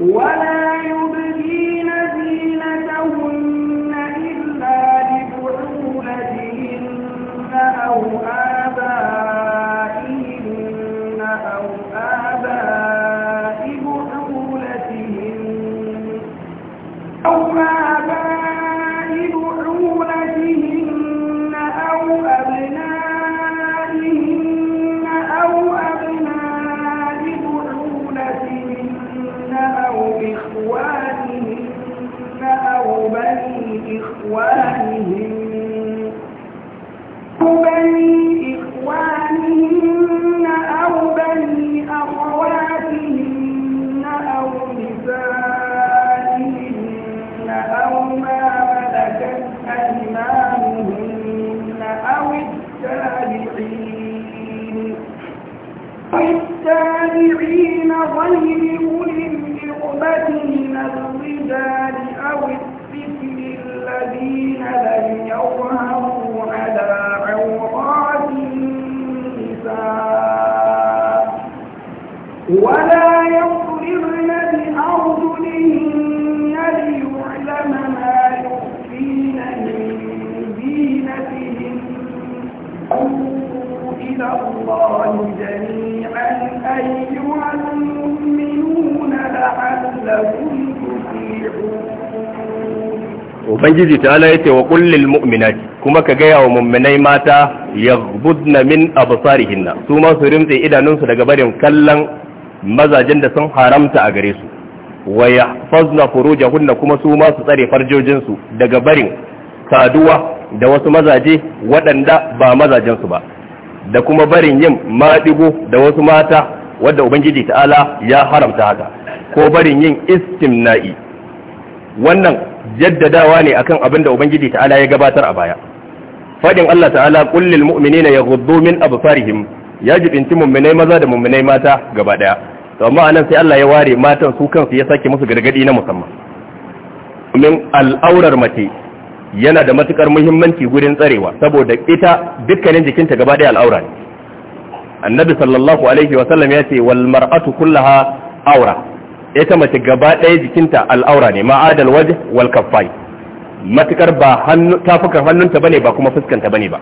ولا يبدين زينتهن إلا لبعولتهن أو آخر ubangiji ta'ala yace wa kullil mu'minati kuma ka gaya wa mu'minai mata yaghbudna min absarihinna su ma su rimtse idanunsu daga barin kallon mazajen da sun haramta a gare su wa yahfazna furujahunna kuma su ma su tsare farjojin su daga barin saduwa da wasu mazaje waɗanda ba mazajen su ba da kuma barin yin maɗigo da wasu mata wadda ubangiji ta'ala ya haramta haka ko barin yin istimna'i wannan jaddadawa ne akan abin da ubangiji ta'ala ya gabatar a baya fadin Allah ta'ala qul lil mu'minina yaghuddu min absarihim ya jibinci mumminai maza da mumminai mata gaba daya to amma anan sai Allah ya ware matan su kansu ya sake musu gargadi na musamman min al'aurar mace yana da matukar muhimmanci gurin tsarewa saboda ita dukkanin jikinta gaba daya al'aura ne annabi sallallahu alaihi wa sallam ya ce wal mar'atu kullaha awra. ita mace gaba ɗaya jikinta al'aura ne ma'adal waje wal kaffai matukar ba hannu tafukan hannunta bane ba kuma fuskanta bane ba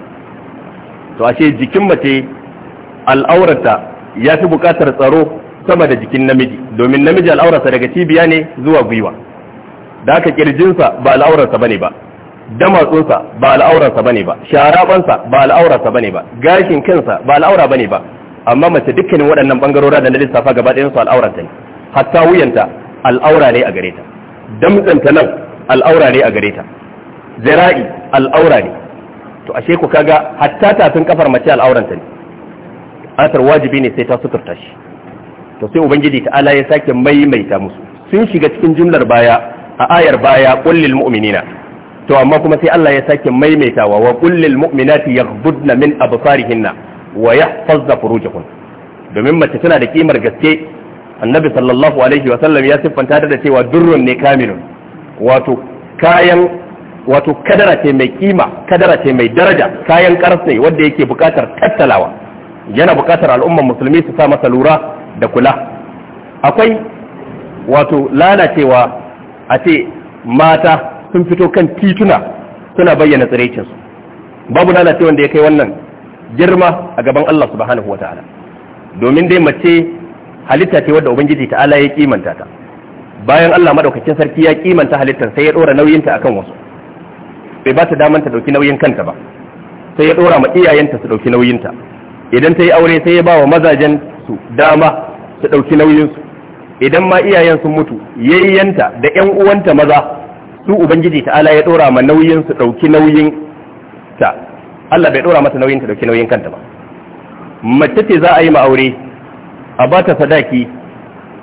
to ashe jikin mace al'aurarta ya fi buƙatar tsaro sama da jikin namiji domin namiji al'aurarsa daga cibiya ne zuwa gwiwa da haka kirjinsa ba al'aurarsa bane ba damatsunsa ba al'aurarsa bane ba sharabansa ba al'aurarsa bane ba gashin kansa ba al'aura bane ba amma mace dukkanin waɗannan bangarora da na lissafa gaba ɗayan su al'aurarta ne hatta wuyanta al'aura ne a gare ta damtsanta nan al'aura ne a gare ta zira'i al'aura ne to ashe ku kaga hatta tafin kafar mace al'auranta ne asar wajibi ne sai ta suturta shi to sai ubangiji ala ya sake maimaita musu sun shiga cikin jumlar baya a ayar baya kullil mu'minina to amma kuma sai Allah ya sake maimaitawa wa kullil mu'minati yaghbudna min absarihinna wa yahfazna furujahun domin mace tana da kimar gaske annabi sallallahu alaihi wa ya siffanta da cewa durrun ne kamilun wato kayan wato kadara ce mai kima kadara ce mai daraja kayan karas ne wanda yake bukatar tattalawa yana bukatar al'ummar musulmi su sa masa lura da kula akwai wato lalacewa a ce mata sun fito kan tituna suna bayyana tsiraicinsu babu lalacewa da ya kai wannan girma a gaban Allah subhanahu wa ta'ala domin dai mace halitta ce wadda ubangiji ta'ala ya kimanta ta bayan Allah madaukakin sarki ya kimanta halittar sai ya dora nauyinta akan wasu bai ba ta daman ta dauki nauyin kanta ba sai ya dora ma iyayenta su dauki nauyinta idan ta yi aure sai ya ba wa mazajen su dama su dauki nauyin su idan ma iyayen sun mutu yayyanta da yan uwanta maza su ubangiji ta'ala ya dora ma nauyin su dauki nauyin ta Allah bai dora mata nauyin ta dauki nauyin kanta ba mace ce za a yi ma aure a ba ta sadaki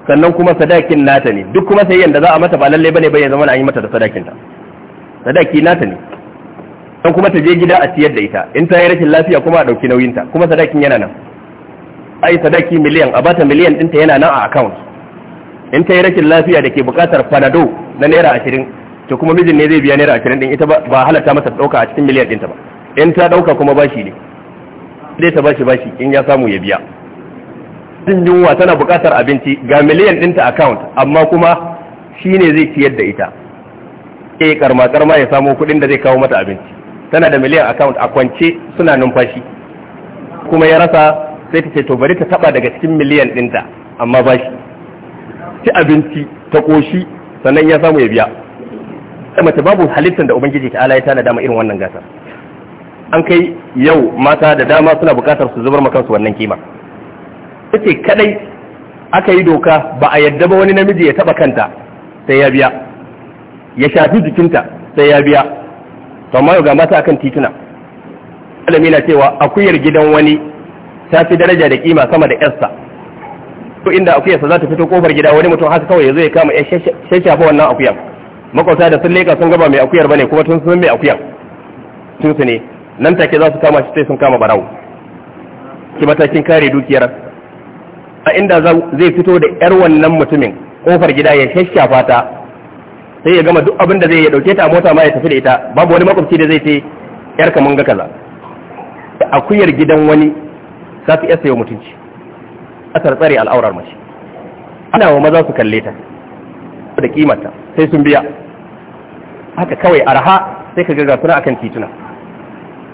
sannan kuma sadakin nata ne duk kuma sai yanda za a mata ba lalle bane bai zama an yi mata da sadakin ta sadaki nata ne dan kuma ta je gida a ciyar da ita in ta yi rashin lafiya kuma a dauki nauyin ta kuma sadakin yana nan ai sadaki miliyan a bata miliyan dinta yana nan a account in ta yi rashin lafiya da ke buƙatar fanado na naira ashirin to kuma mijin ne zai biya naira ashirin din ita ba halatta masa ɗauka a cikin miliyan dinta ba in ta ɗauka kuma bashi ne sai ta bashi bashi in ya samu ya biya jin yunwa tana buƙatar abinci ga miliyan ɗinta account amma kuma shi ne zai ciyar da ita e eh, karma karma ya samo kuɗin da zai kawo mata abinci tana da miliyan account a kwance suna numfashi kuma ya rasa sai ta ce to bari ta taɓa daga cikin miliyan ɗinta amma ba shi ci abinci ta ƙoshi sannan ya samu ya biya mace babu halittar da ubangiji ta ala ya tana dama irin wannan gasar an kai yau mata da dama suna buƙatar su zubar ma kansu wannan kima ce kadai aka yi doka ba a yadda ba wani namiji ya taba kanta sai ya biya ya shafi jikinta sai ya biya to amma ga mata akan tituna malami na cewa akuyar gidan wani ta fi daraja da kima sama da yarsa to inda akuyarsa za ta fito kofar gida wani mutum haka kawai yazo ya kama ya shashafa wannan akuyar makwasa da sun leka sun gaba mai akuyar bane kuma tun sun mai akuyar tun su ne nan take za su kama shi sai sun kama barawo ki matakin kare dukiyar a inda zai fito da yar wannan mutumin kofar gida ya shashafa ta sai ya gama duk abin da zai ya dauke ta mota ma ya tafi da ita babu wani makwabci da zai ce yar mun ga kaza da akuyar gidan wani za su iya sayo mutunci a tsare al'aurar mace ana wa maza su kalle ta da kimanta sai sun biya haka kawai arha sai ka ga suna akan tituna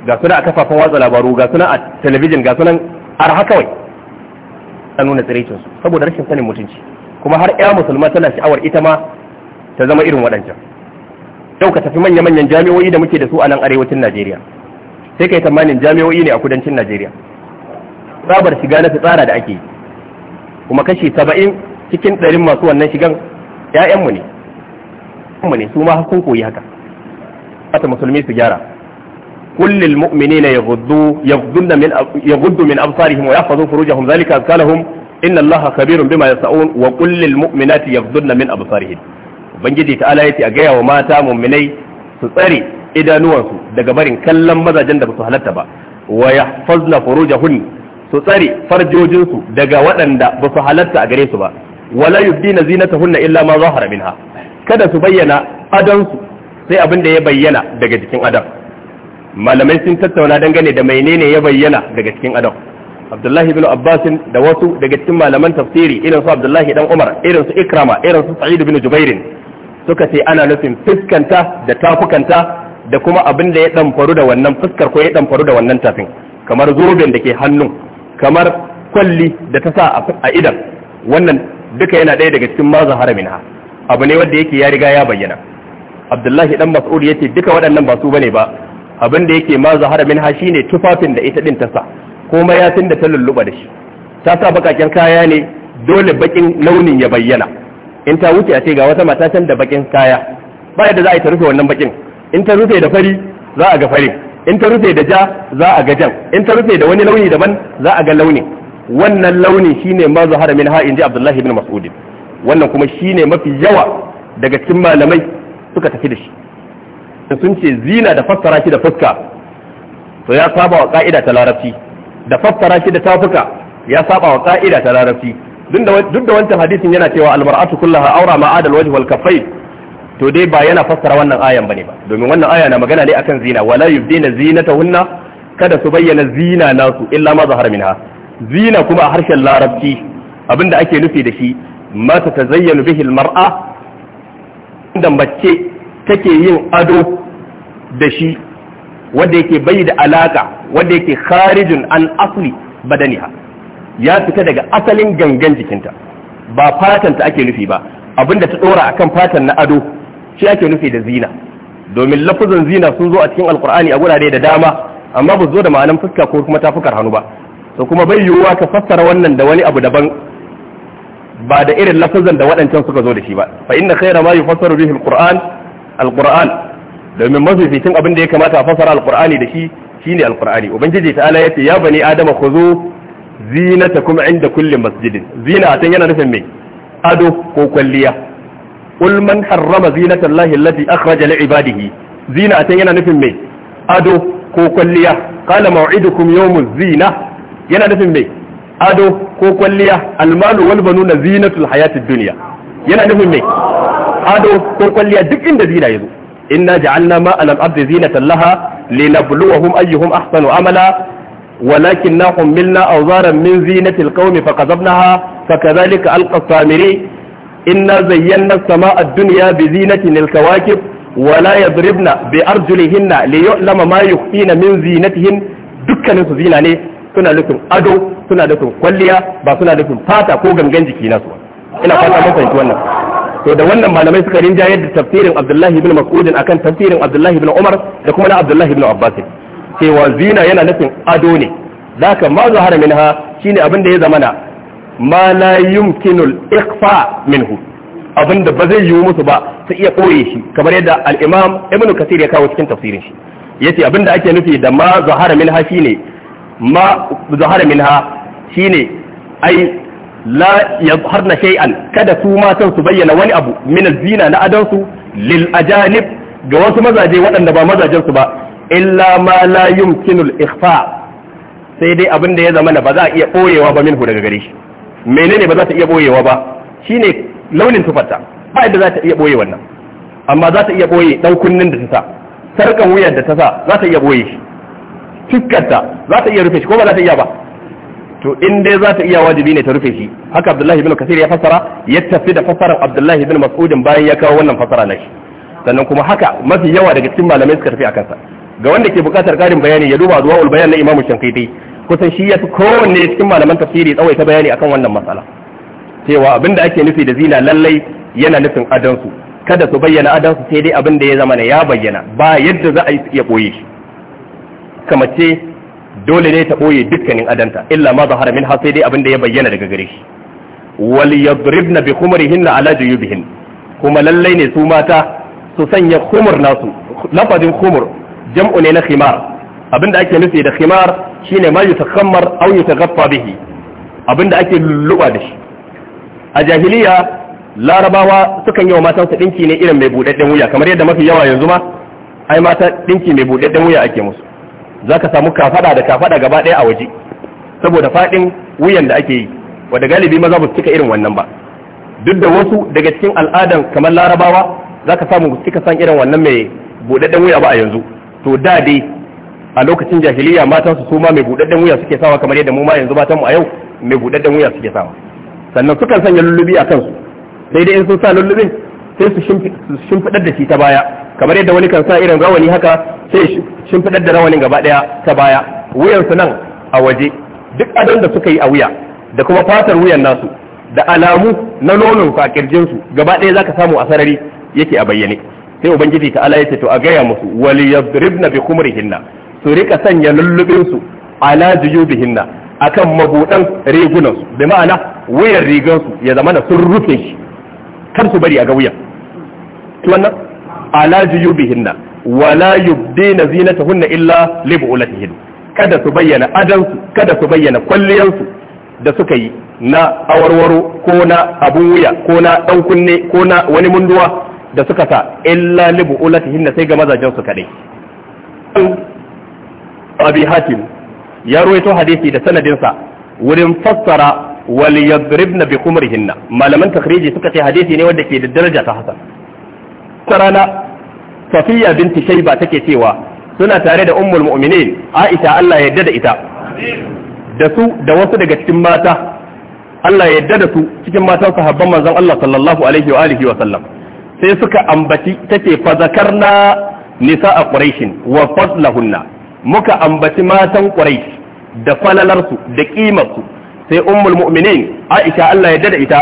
ga suna a kafafen watsa labaru ga suna a talabijin ga suna arha kawai a nuna tsiraicinsu saboda rashin sanin mutunci kuma har ya musulma tana sha'awar ita ma ta zama irin waɗancan yau ka tafi manya-manyan jami'o'i da muke da su a nan arewacin najeriya sai ka yi jami'o'i ne a kudancin najeriya tsabar shiga na tsara da ake yi kuma kashi saba'in cikin ɗarin masu wannan shigan 'ya'yanmu ne su ma kun koyi haka fata musulmi su gyara قل للمؤمنين يغضوا يغضن من يغضوا من ابصارهم ويحفظوا فروجهم ذلك ازكى لهم ان الله خبير بما يصنعون وقل للمؤمنات يغضن من ابصارهن ubangiji ta'ala yace a gaya wa mata mu'minai su tsare idanuwansu daga barin kallon mazajen da ba su halatta ba wa yahfazna furujahun su tsare farjojinsu daga waɗanda ba su halatta a gare su ba wala yubdina zinatahunna illa ma zahara minha kada su bayyana adansu sai abin da ya bayyana daga jikin adam malamai sun tattauna dangane da menene ya bayyana daga cikin adam abdullahi bin abbas da wasu daga cikin malaman tafsiri irin su abdullahi dan umar irin su ikrama irin su Sa'idu bin jubairin suka ce ana nufin fuskanta da tafukanta da kuma abin da ya damfaru da wannan fuskar ko ya damfaru da wannan tafin kamar zoben da ke hannu kamar kwalli da ta sa a idan wannan duka yana ɗaya daga cikin mazan haramin ha abu ne wanda yake ya riga ya bayyana abdullahi dan mas'ud yace duka waɗannan ba su bane ba abin da yake ma zahara min ha shine tufafin da ita din ta sa koma ya da ta lulluba da shi ta sa bakakin kaya ne dole bakin launin ya bayyana in ta wuce a ce ga wata mata can da bakin kaya ba yadda za a yi ta rufe wannan bakin in ta rufe da fari za a ga farin in ta rufe da ja za a ga jan in ta rufe da wani launi daban za a ga launi wannan launin shine ma zahara min ha inji abdullahi ibn mas'ud wannan kuma shine mafi yawa daga cikin malamai suka tafi da shi da sun ce zina da fassara shi da fuska to ya saba wa ka'ida ta larabci da fassara shi da tafuka ya saba wa ka'ida ta larabci duk da wancan hadisin yana cewa almar'atu kullaha aura ma adal wajhi wal to dai ba yana fassara wannan ayan bane ba domin wannan aya na magana ne akan zina wala yubdina zinatahunna kada su bayyana zina nasu illa ma zahara minha zina kuma a harshen larabci abinda ake nufi da shi ma ta tazayyanu bihi almar'a da mace take yin ado da shi wanda yake bai da alaka wanda yake kharijun an asli badaniha ya fita daga asalin gangan jikinta ba fatanta ake nufi ba abinda ta dora akan fatan na ado shi ake nufi da zina domin lafazin zina sun zo a cikin alkur'ani a gurare da dama amma ba zo da ma'anan fuska ko kuma tafukar hannu ba to kuma bai yiwuwa ka fassara wannan da wani abu daban ba da irin lafazan da waɗancan suka zo da shi ba fa inna khayra ma yufassaru bihi alquran alquran domin mafificin abin da ya kamata a fasara alqurani da shi shine alqurani ubangiji ta'ala yace ya bani adama khuzu zinatakum inda kulli masjidin zina tan yana nufin me ado ko kwalliya qul man harrama zinatallahi allati akhraja li ibadihi zina tan yana nufin me ado ko kwalliya qala maw'idukum yawmuz zina yana nufin me ado ko kwalliya almalu wal banuna zinatul hayatid dunya yana nufin me ado ko kwalliya duk inda zina ya yazo inna ja'alna ma alam abdi zinatan laha linabluwahum ayyuhum ahsanu amala walakinna humilna awzaran min zinati alqawmi faqadabnaha fakadhalika alqasamiri inna zayyanna samaa duniya dunya bi zinatin alkawakib wala yadribna bi arjulihinna liyu'lama ma yukhfina min zinatihin dukkanin su zina ne suna nufin ado suna nufin kwalliya ba suna nufin fata ko gangan jiki nasu ina fata mun fahimci wannan to da wannan malamai suka rinjaye da tafsirin Abdullahi ibn Mas'ud akan tafsirin Abdullahi ibn Umar da kuma na Abdullahi ibn Abbas cewa zina yana nufin ado ne zaka ma zahara minha shine abin da ya zamana ma la yumkinu al minhu abin da ba zai yiwu musu ba su iya koye shi kamar yadda al-Imam Ibn Kathir ya kawo cikin tafsirin shi yace abin da ake nufi da ma zahara minha shine ma zahara minha shine ai la yadhharna shay'an kada su san su bayyana wani abu min zina na adansu lil ajanib ga wasu mazaje waɗanda ba mazajen su ba illa ma la yumkinu al ikhfa sai dai abin da ya zama ba za a iya boyewa ba minhu daga gare shi menene ba za ta iya boyewa ba shine launin tufarta ba yadda za ta iya boye wannan amma za ta iya boye dan kunnin da ta sa sarkan wuyar da ta sa za ta iya boye shi fuskarta za ta iya rufe shi ko ba za ta iya ba to in dai za ta iya wajibi ne ta rufe shi haka abdullahi bin kasir ya fassara ya tafi da fassarar abdullahi bin mas'udin bayan ya kawo wannan fassara na sannan kuma haka mafi yawa daga cikin malamai suka tafi a kansa ga wanda ke bukatar karin bayani ya duba ul bayan na imamu shankaiti kusan shi ya fi kowanne cikin malaman tafsiri ta bayani akan wannan matsala cewa abin da ake nufi da zina lallai yana nufin adansu kada su bayyana adansu sai dai abin da ya zama ya bayyana ba yadda za a yi ya koye shi kamace dole ne ta boye dukkanin adanta illa ma zahara min sai dai abin da ya bayyana daga gare shi wal yadribna bi khumurihinna ala juyubihin kuma lallai ne su mata su sanya khumur nasu lafazin khumur jam'u ne na khimar abinda ake nufi da khimar shine ma yutakhammar aw yutaghaffa bihi abinda ake lulluba da shi a jahiliya larabawa sukan yi wa su dinki ne irin mai budadden wuya kamar yadda mafi yawa yanzu ma ai mata dinki mai budadden wuya ake musu za ka samu kafada da kafada gaba ɗaya a waje saboda faɗin wuyan da ake yi wadda galibi maza ba su cika irin wannan ba duk da wasu daga cikin al'adan kamar larabawa za ka samu cika san irin wannan mai buɗaɗɗen wuya ba a yanzu to da dai a lokacin jahiliya matan su ma mai buɗaɗɗen wuya suke sawa kamar yadda mu ma yanzu matan mu a yau mai buɗaɗɗen wuya suke sawa sannan sukan sanya lullubi a kansu sai dai in sun sa lullubin sai su shimfiɗar da shi ta baya kamar yadda wani kan sa irin rawani haka sai shimfiɗar da rawanin gaba ɗaya ta baya wuyansu nan a waje duk adon da suka yi a wuya da kuma fatar wuyan nasu da alamu na nonon a gaba ɗaya zaka samu a sarari yake a bayyane sai ubangiji ta ala yace to a gaya musu wali yadribna bi khumrihinna su rika sanya lullubin su ala juyubihinna akan mabudan rigunan su bi ma'ana wuyar rigan ya zama sun rufe shi kar su bari a ga wuyan wannan ala na wala zinata hunna illa lib'u ulatihin kada su bayyana adansu kada su bayyana kwalliyansu da suka yi na awarwaro ko na abun wuya ko na ɗan kunne ko na wani munduwa da suka sa illa lib'u ulatihin na sai ga mazajen su kadai abi hatim ya ruwaito hadisi da sanadinsa wurin fassara wal yadribna bi khumrihinna malaman takhriji suka ce hadisi ne wanda ke da daraja ta hasan wata rana safiya binti shaiba take cewa suna tare da ummul mu'minin aisha Allah ya da ita da su da wasu daga cikin mata Allah ya yarda da su cikin matan sahabban manzon Allah sallallahu alaihi wa alihi wa sallam sai suka ambaci take fazakarna nisa'a quraishin wa fadlahunna muka ambaci matan quraish da falalarsu da kimarsu sai ummul mu'minin aisha Allah ya da ita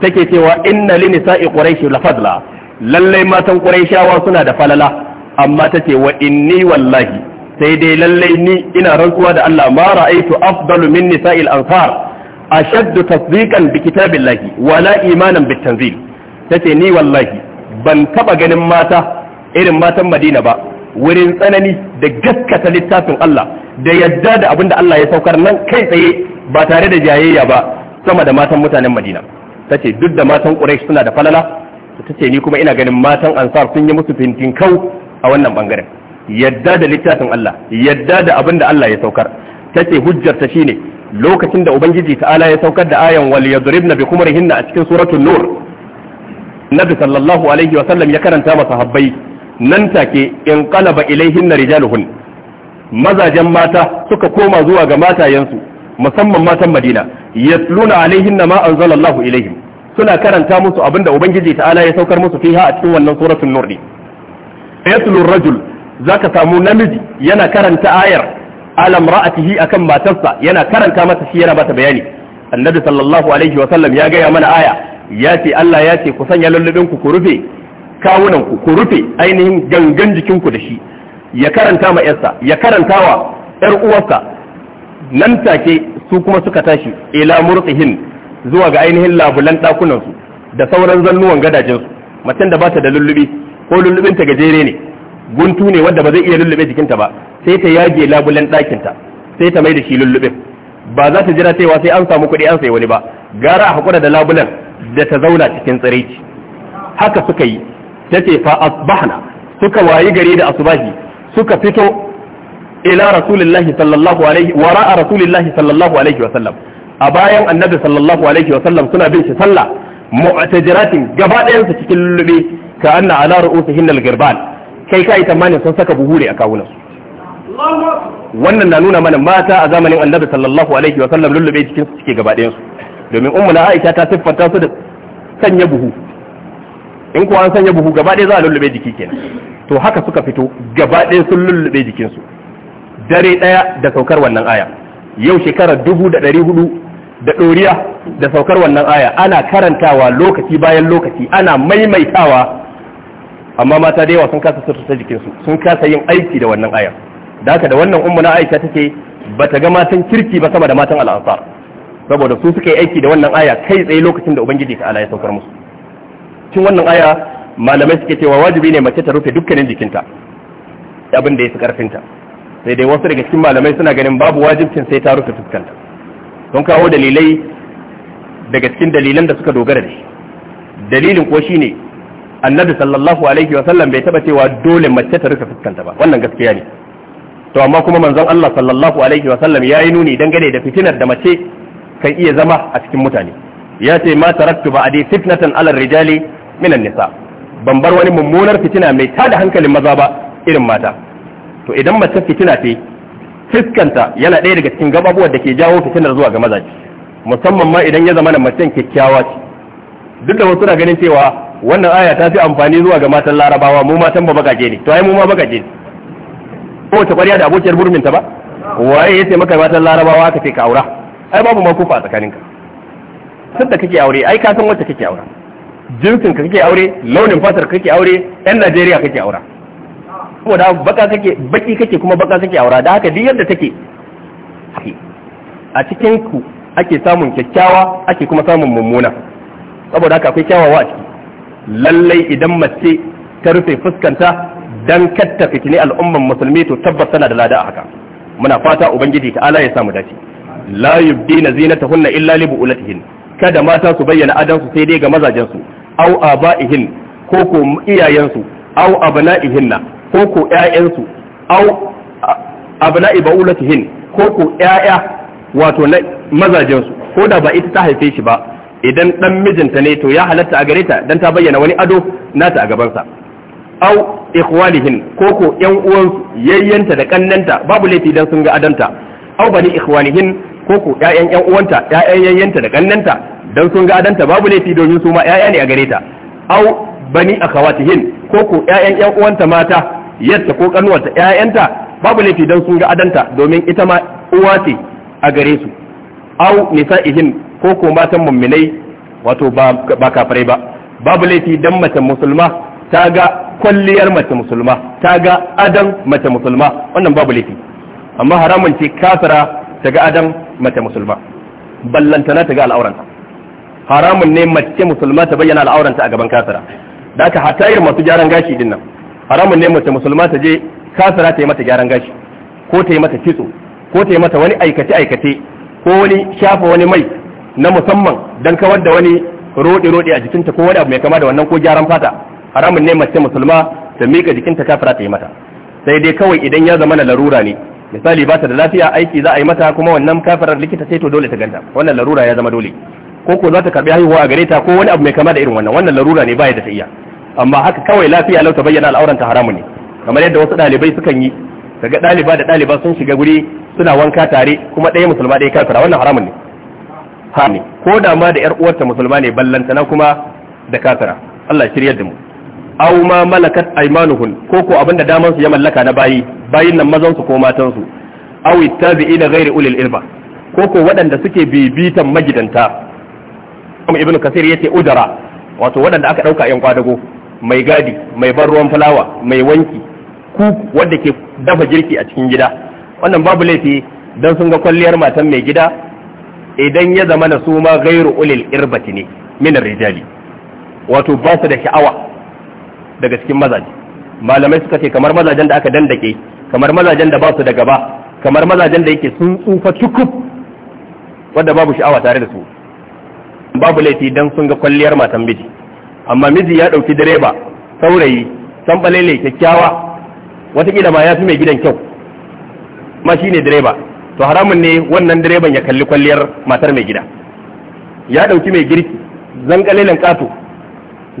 take cewa inna li nisa'i quraish la fadla lallai matan quraishawa suna da falala amma tace wa inni wallahi sai dai lallai ni ina rantsuwa da Allah ma ra'aitu afdalu min nisa'il ansar ashaddu tasdiqan bi kitabillahi wala imanan bit tanzil tace ni wallahi ban taba ganin mata irin matan Madina ba wurin tsanani da gaskata littafin Allah da yadda da abinda Allah ya saukar nan kai tsaye ba tare da jayayya ba sama da matan mutanen Madina tace duk da matan Quraysh suna da falala ta ce ni kuma ina ganin matan ansar sun yi musu fintin kau a wannan bangaren yadda da littafin Allah yadda da abin da Allah ya saukar ta ce hujjar ta shine lokacin da ubangiji ta'ala ya saukar da ayan wal yadribna bi kumurihinna a cikin suratul nur nabi sallallahu alaihi wa sallam ya karanta masa habbai nan take in qalaba ilaihinna rijaluhun mazajen mata suka koma zuwa ga matayensu musamman matan Madina yatluna alaihinna ma anzalallahu ilaihim suna karanta musu abinda ubangiji ta'ala ya saukar musu fiha a cikin wannan suratul nur ne yatlu rajul zaka samu namiji yana karanta ayar alam ra'atihi akan matarsa yana karanta mata shi yana bata bayani annabi sallallahu alaihi wa sallam ya gaya mana aya ya ce Allah ya ce ku sanya lullubin ku ku rufe kawunan ku ku rufe ainihin gangan jikin ku da shi ya karanta ma yarsa ya karanta wa yar uwarsa nan take su kuma suka tashi ila murtihin zuwa ga ainihin labulan ɗakunansu da sauran zannuwan gadajensu macen da ba ta da lullubi ko lullubin ta gajere ne guntu ne wanda ba zai iya lullube jikinta ba sai ta yage labulan ɗakinta sai ta mai da shi lullubin ba za ta jira cewa sai an samu kuɗi an sai wani ba gara a hakura da labulan da ta zauna cikin tsiraici haka suka yi ta ce fa asbahna suka wayi gari da asubahi suka fito ila rasulillahi sallallahu alaihi wa ra'a rasulillahi sallallahu alaihi wa sallam a bayan annabi sallallahu alaihi wa sallam suna bin shi sallah mu'tajiratin gaba ɗayan su cikin lullube ka anna ala ru'usihin al-girban kai kai tamanin sun saka buhure a kawunan su wannan na nuna mana mata a zamanin annabi sallallahu alaihi wa sallam lullube cikin su cike gaba ɗayan su domin ummu na Aisha ta siffanta su da sanya buhu in kuwa an sanya buhu gaba ɗaya za a lullube jiki kenan to haka suka fito gaba ɗaya sun lullube jikinsu dare ɗaya da saukar wannan aya yau shekarar dubu da ɗari hudu da ɗoriya da saukar wannan aya ana karantawa lokaci bayan lokaci ana maimaitawa amma mata da yawa sun kasa sutura jikinsu sun kasa yin aiki da wannan aya da haka da wannan umma na aisha take ta ga matan kirki ba sama da matan al'ansar saboda su suka yi aiki da wannan aya kai tsaye lokacin da ubangiji ala ya saukar musu tun wannan aya malamai suke cewa wajibi ne mace ta rufe dukkanin jikinta abin da ya fi karfinta sai dai wasu daga cikin malamai suna ganin babu wajibcin sai ta rufe fuskanta don kawo dalilai daga cikin dalilan da suka dogara da shi, dalilin ko shi ne, annabi sallallahu alaihi wa sallam bai taba cewa dole mace ta rufe fuskanta ba wannan gaskiya ne to amma kuma manzon Allah sallallahu alaihi wa sallam yayi nuni dangane da fitinar da mace kan iya zama a cikin mutane ya ce ma taraktu adi fitnatan ala rijali minan nisa ban bar wani mummunar fitina mai tada hankalin maza ba irin mata to idan mace fitina ce fiskanta yana ɗaya daga cikin gababuwa da ke jawo fitinar zuwa ga mazaje musamman ma idan ya zama na mace kyakkyawa ce duk da wasu na ganin cewa wannan aya ta fi amfani zuwa ga matan larabawa mu matan ba bakaje ne to ai mu ma bakaje ne ko ta kwariya da abokiyar burmin ta ba waye yace maka matan larabawa aka ce ka aura ai babu ma kufa a tsakaninka tunda kake aure ai ka san wacce kake aura jinsin ka kake aure launin fatar kake aure yan Najeriya kake aura saboda baka kake baki kake kuma baka kake aura da haka duk yadda take a cikin ku ake samun kyakkyawa ake kuma samun mummuna saboda haka akwai kyawawa a ciki lallai idan mace ta rufe fuskanta dan katta fitini al'umman musulmi to tabbas tana da lada a haka muna fata ubangiji ta ala ya samu dace la yubdina zinatahunna illa li bu'ulatihin kada mata su bayyana su sai dai ga mazajen su au aba'ihin ko ko iyayen su au abna'ihinna ko ko ƴaƴansu au abna'i ba'ulatihin ko ko ƴaƴa wato na mazajensu ko da ba ita ta haife shi ba idan dan mijinta ne to ya halatta a gare ta dan ta bayyana wani ado nata a gabansa au ikhwalihin ko ko ƴan uwansu yayyanta da kannanta babu laifi dan sun ga adanta au bani ikhwalihin ko ko ƴaƴan ƴan uwanta ƴaƴan yayyanta da kannanta dan sun ga adanta babu laifi domin su ma ƴaƴa ne a gare ta au bani akhawatihin ko ko ƴaƴan ƴan uwanta mata yadda ko kanuwarta ƴaƴanta babu laifi don sun ga adanta domin ita ma uwa ce a gare su au nisa'ihin ko ko matan mumminai wato ba kafirai ba babu laifi don mace musulma ta ga kwalliyar mace musulma ta ga adan mace musulma wannan babu laifi amma haramun ce kafira ta ga adan mace musulma ballantana ta ga al'auranta haramun ne mace musulma ta bayyana al'auranta a gaban kafira da haka hatta irin masu gyaran gashi din nan haramun ne mace musulma ta je kasara ta yi mata gyaran gashi ko ta yi mata kitso ko ta yi mata wani aikace aikace ko wani shafa wani mai na musamman dan kawar da wani rodi rodi a jikinta ko wani abu mai kama da wannan ko gyaran fata haramun ne mace musulma ta mika jikinta kafira ta yi mata sai dai kawai idan ya zama na larura ne misali ba ta da lafiya aiki za a yi mata kuma wannan kafarar likita sai to dole ta ganta wannan larura ya zama dole ko ko za ta karbi haihuwa a gare ta ko wani abu mai kama da irin wannan wannan larura ne ba ya da ta iya amma haka kawai lafiya lau ta bayyana al'auranta ta haramu ne kamar yadda wasu ɗalibai sukan yi kaga ɗaliba da ɗaliba sun shiga guri suna wanka tare kuma ɗaya musulma ɗaya kafira wannan haramun ne haram ko da ma da ƴar uwarta musulma ne ballantana kuma da kafira Allah shirya da mu aw ma malakat aymanuhun ko ko abinda daman su ya mallaka na bayi bayin nan mazan su ko matan su aw ittabi'ina ghairi ulil ilba ko ko waɗanda suke bibitan magidanta Ibn Kasir yace udara wato waɗanda aka ɗauka ‘yan kwadago mai gadi mai ban ruwan fulawa mai wanki ku wanda ke dafa jirki a cikin gida wannan babu laifi dan sun ga kwalliyar matan mai gida idan ya zama na su ma gairu ulil irbati ne min rijali wato ba su da sha'awa daga cikin mazaje malamai suka ce kamar mazajen da aka dandake kamar mazajen da ba su da gaba kamar mazajen da yake sun tsufa tukub wanda babu sha'awa tare da su babu laifi dan sun ga kwalliyar matan miji amma miji ya ɗauki direba saurayi san balele kyakkyawa watakila ma ya fi mai gidan kyau ma shi ne direba to haramun ne wannan direban ya kalli kwalliyar matar mai gida ya ɗauki mai girki zangalelen ƙato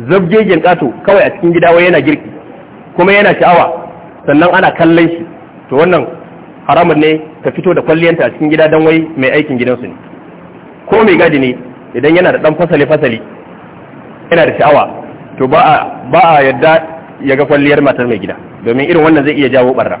zabgegen ƙato kawai a cikin gida wai yana girki kuma yana sha'awa sannan ana kallon shi to wannan haramun ne ka fito da kwalliyanta a cikin gida don wai mai aikin gidansu ne ko mai gadi ne idan yana da ɗan fasali fasali yana da sha'awa to ba a yadda ya ga kwalliyar matar mai gida domin irin wannan zai iya jawo barra